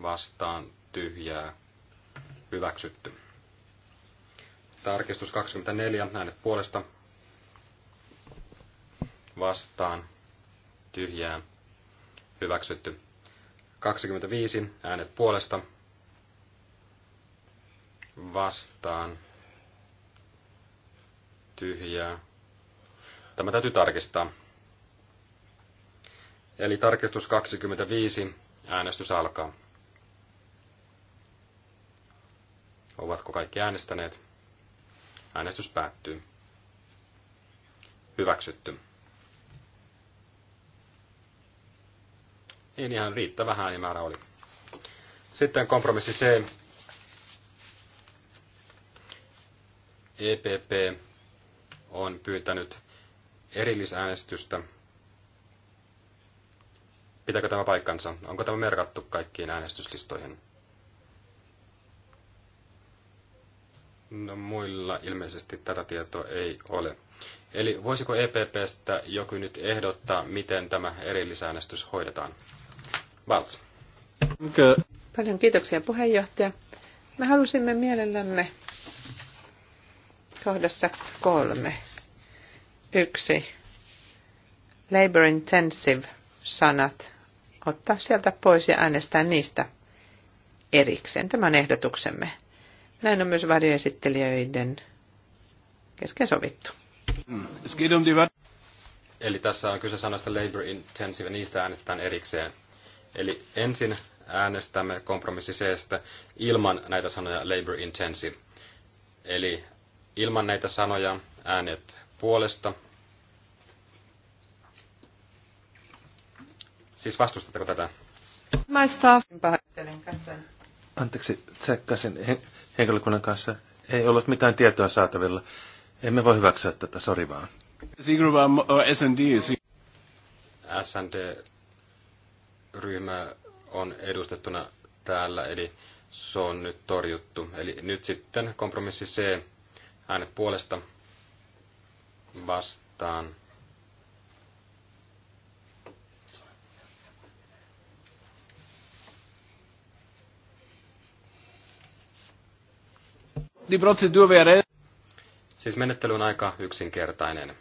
vastaan tyhjää hyväksytty. Tarkistus 24, äänet puolesta. Vastaan. Tyhjää. Hyväksytty. 25, äänet puolesta. Vastaan. Tyhjää. Tämä täytyy tarkistaa. Eli tarkistus 25, äänestys alkaa. Ovatko kaikki äänestäneet? Äänestys päättyy. Hyväksytty. Niin ihan riittävä äänimäärä oli. Sitten kompromissi C. EPP on pyytänyt erillisäänestystä. Pitääkö tämä paikkansa? Onko tämä merkattu kaikkiin äänestyslistoihin? No muilla ilmeisesti tätä tietoa ei ole. Eli voisiko EPPstä joku nyt ehdottaa, miten tämä erillisäänestys hoidetaan? Valts. Paljon kiitoksia puheenjohtaja. Me halusimme mielellämme kohdassa kolme. Yksi. Labor intensive sanat ottaa sieltä pois ja äänestää niistä erikseen. on ehdotuksemme. Näin on myös varjoesittelijöiden kesken sovittu. Eli tässä on kyse sanoista labor intensive, niistä äänestetään erikseen. Eli ensin äänestämme kompromissi c ilman näitä sanoja labor intensive. Eli ilman näitä sanoja äänet puolesta. Siis vastustatteko tätä? Mä Pahoittelen, katsoin. Anteeksi, tsekkasin henkilökunnan kanssa. Ei ollut mitään tietoa saatavilla. Emme voi hyväksyä tätä, sori vaan. SND. SND-ryhmä on edustettuna täällä, eli se on nyt torjuttu. Eli nyt sitten kompromissi C, äänet puolesta vastaan Die procedure Siis menettely on aika yksinkertainen.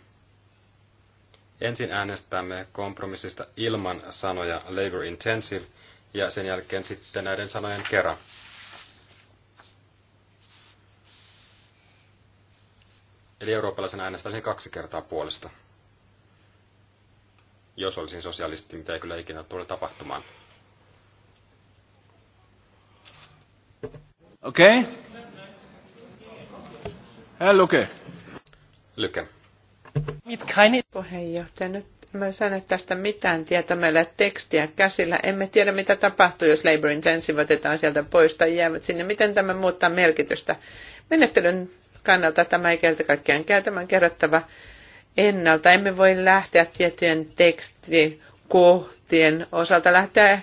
Ensin äänestämme kompromissista ilman sanoja labor intensive ja sen jälkeen sitten näiden sanojen kerran. Eli eurooppalaisen äänestäisin kaksi kertaa puolesta. Jos olisin sosialisti, mitä ei kyllä ikinä tule tapahtumaan. Okei. Okay. Herr Luke. Lyke. Puheenjohtaja, nyt mä en sano tästä mitään tietä. Meillä tekstiä käsillä. Emme tiedä, mitä tapahtuu, jos labor intensive otetaan sieltä pois tai jäävät sinne. Miten tämä muuttaa merkitystä? Menettelyn kannalta tämä ei kerta kaikkiaan käytämään Tämän kerrottava ennalta. Emme voi lähteä tiettyjen tekstikohtien osalta lähteä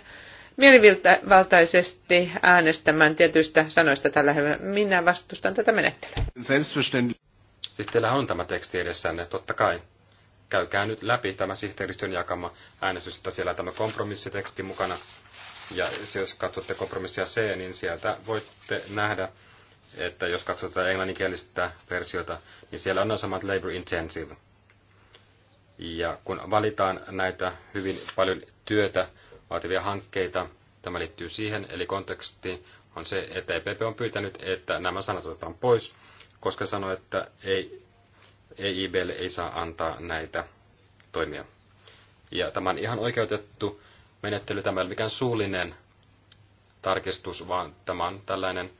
mielivaltaisesti äänestämään tietyistä sanoista tällä hetkellä. Minä vastustan tätä menettelyä. Siis teillä on tämä teksti edessänne, totta kai. Käykää nyt läpi tämä sihteeristön jakama äänestys, että siellä tämä kompromissiteksti mukana. Ja se, jos katsotte kompromissia C, niin sieltä voitte nähdä, että jos katsotaan englanninkielistä versiota, niin siellä on samat labor intensive. Ja kun valitaan näitä hyvin paljon työtä vaativia hankkeita. Tämä liittyy siihen, eli konteksti on se, että EPP on pyytänyt, että nämä sanat otetaan pois, koska sanoi, että ei, EIBlle ei saa antaa näitä toimia. Ja tämä on ihan oikeutettu menettely, tämä ei ole mikään suullinen tarkistus, vaan tämä on tällainen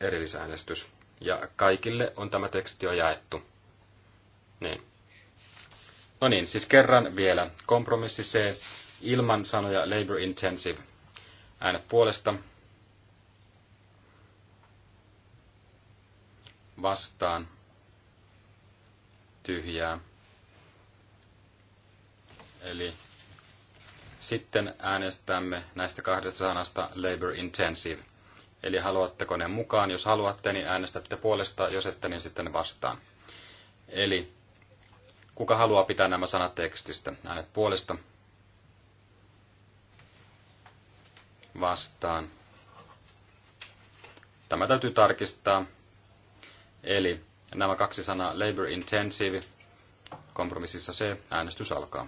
erillisäänestys. Ja kaikille on tämä teksti jo jaettu. Niin. No niin, siis kerran vielä kompromissi C ilman sanoja labor intensive. Äänet puolesta. Vastaan. Tyhjää. Eli sitten äänestämme näistä kahdesta sanasta labor intensive. Eli haluatteko ne mukaan? Jos haluatte, niin äänestätte puolesta, jos ette, niin sitten vastaan. Eli kuka haluaa pitää nämä sanat tekstistä? Äänet puolesta, vastaan. Tämä täytyy tarkistaa. Eli nämä kaksi sanaa labor intensive, kompromississa C, äänestys alkaa.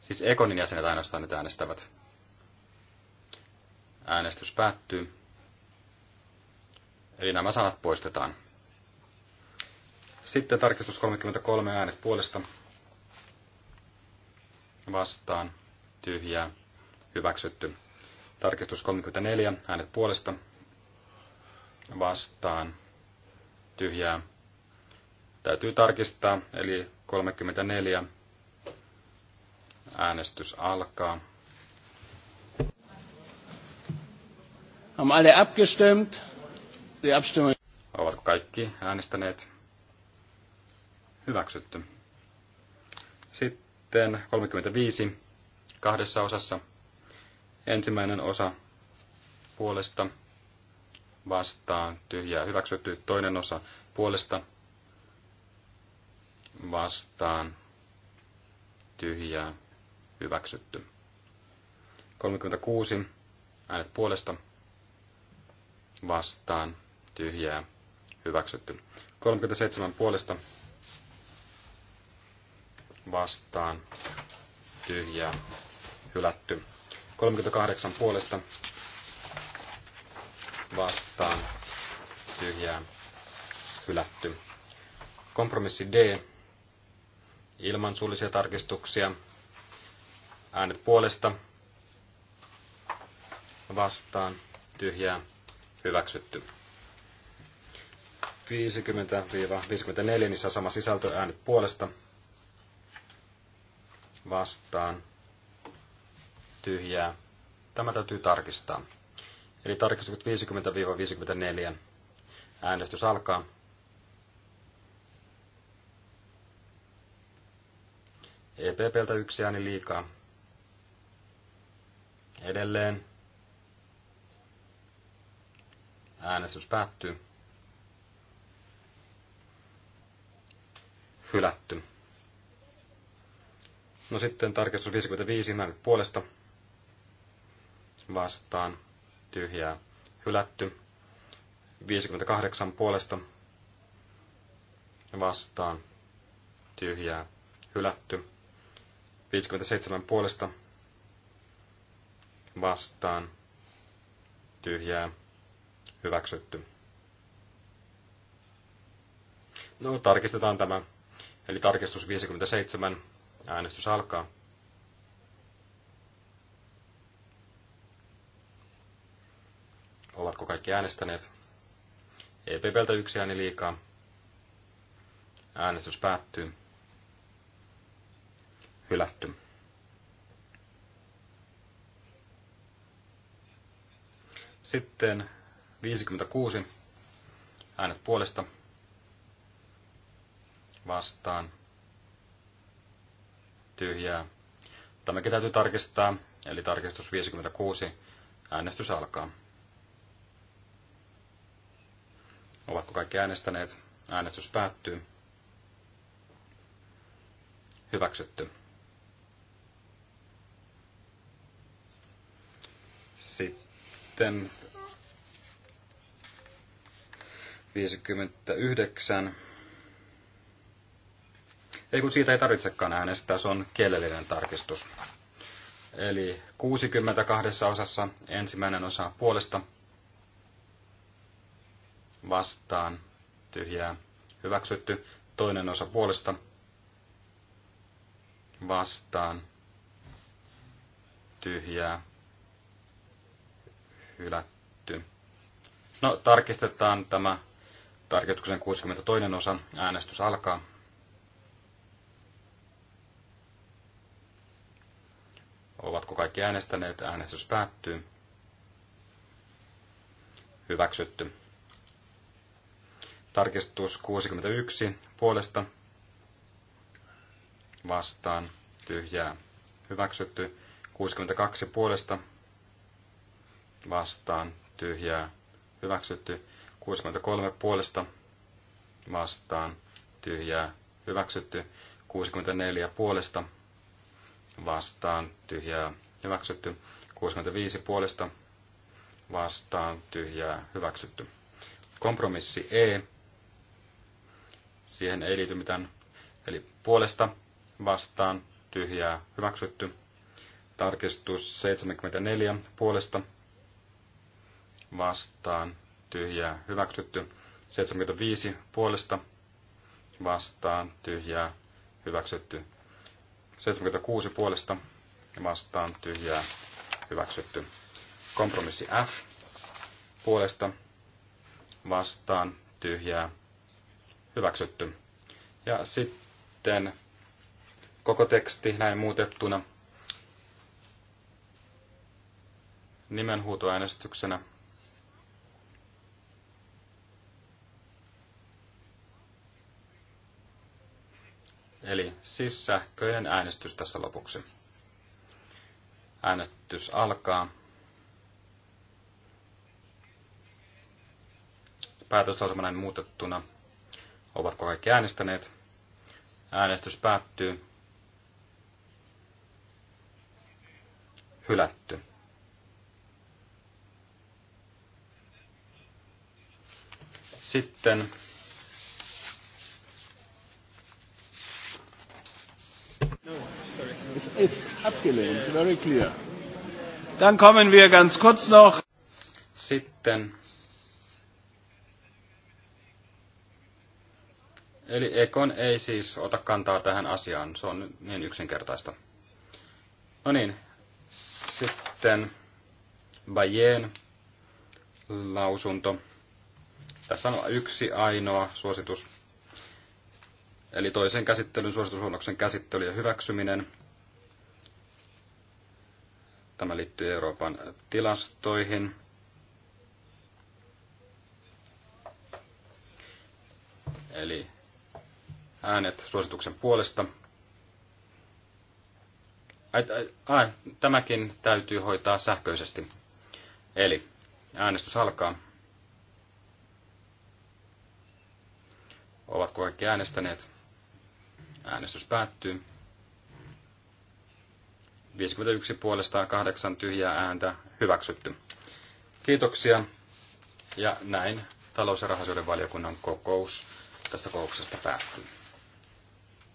Siis Ekonin jäsenet ainoastaan nyt äänestävät. Äänestys päättyy. Eli nämä sanat poistetaan. Sitten tarkistus 33 äänet puolesta vastaan, tyhjää, hyväksytty. Tarkistus 34, äänet puolesta, vastaan, tyhjää. Täytyy tarkistaa, eli 34, äänestys alkaa. alle abgestimmt? Die Abstimmung. Ovatko kaikki äänestäneet? Hyväksytty. Sitten sitten 35 kahdessa osassa. Ensimmäinen osa puolesta vastaan tyhjää hyväksytty. Toinen osa puolesta vastaan tyhjää hyväksytty. 36 äänet puolesta vastaan tyhjää hyväksytty. 37 puolesta vastaan tyhjää hylätty. 38 puolesta vastaan tyhjää hylätty. Kompromissi D ilman suullisia tarkistuksia. Äänet puolesta vastaan tyhjää hyväksytty. 50-54, missä on sama sisältö, äänet puolesta vastaan, tyhjää. Tämä täytyy tarkistaa. Eli tarkistukset 50-54. Äänestys alkaa. EPPltä yksi ääni liikaa. Edelleen. Äänestys päättyy. Hylätty. No sitten tarkistus 55 nyt puolesta vastaan tyhjää hylätty. 58 puolesta vastaan tyhjää hylätty. 57 puolesta vastaan tyhjää hyväksytty. No, tarkistetaan tämä. Eli tarkistus 57 Äänestys alkaa. Ovatko kaikki äänestäneet? EPPltä yksi ääni liikaa. Äänestys päättyy. Hylätty. Sitten 56 äänet puolesta vastaan tyhjää. Tämäkin täytyy tarkistaa, eli tarkistus 56. Äänestys alkaa. Ovatko kaikki äänestäneet? Äänestys päättyy. Hyväksytty. Sitten 59 ei kun siitä ei tarvitsekaan äänestää, se on kielellinen tarkistus. Eli 62 osassa ensimmäinen osa puolesta vastaan tyhjää hyväksytty, toinen osa puolesta vastaan tyhjää hylätty. No, tarkistetaan tämä tarkistuksen 62 osa. Äänestys alkaa. Ovatko kaikki äänestäneet? Äänestys päättyy. Hyväksytty. Tarkistus 61 puolesta vastaan tyhjää. Hyväksytty 62 puolesta vastaan tyhjää. Hyväksytty 63 puolesta vastaan tyhjää. Hyväksytty 64 puolesta vastaan, vastaan tyhjää hyväksytty. 65 puolesta vastaan tyhjää hyväksytty. Kompromissi E. Siihen ei liity mitään. Eli puolesta vastaan tyhjää hyväksytty. Tarkistus 74 puolesta vastaan tyhjää hyväksytty. 75 puolesta vastaan tyhjää hyväksytty. 76 puolesta ja vastaan tyhjää hyväksytty. Kompromissi F puolesta vastaan tyhjää hyväksytty. Ja sitten koko teksti näin muutettuna nimenhuutoäänestyksenä. Eli siis sähköinen äänestys tässä lopuksi. Äänestys alkaa. Päätöslausuma näin muutettuna. Ovatko kaikki äänestäneet? Äänestys päättyy. Hylätty. Sitten It's, it's abgelehnt, very clear. Dann kommen wir ganz kurz noch. Sitten. Eli Ekon ei siis ota kantaa tähän asiaan, se on niin yksinkertaista. No niin, sitten Bayen lausunto. Tässä on yksi ainoa suositus. Eli toisen käsittelyn suositusluonnoksen käsittely ja hyväksyminen. Tämä liittyy Euroopan tilastoihin. Eli äänet suosituksen puolesta. Ai, ai, ai, tämäkin täytyy hoitaa sähköisesti. Eli äänestys alkaa. Ovatko kaikki äänestäneet? Äänestys päättyy. 51 puolesta 8 tyhjää ääntä hyväksytty. Kiitoksia ja näin talous- ja valiokunnan kokous tästä kokouksesta päättyy.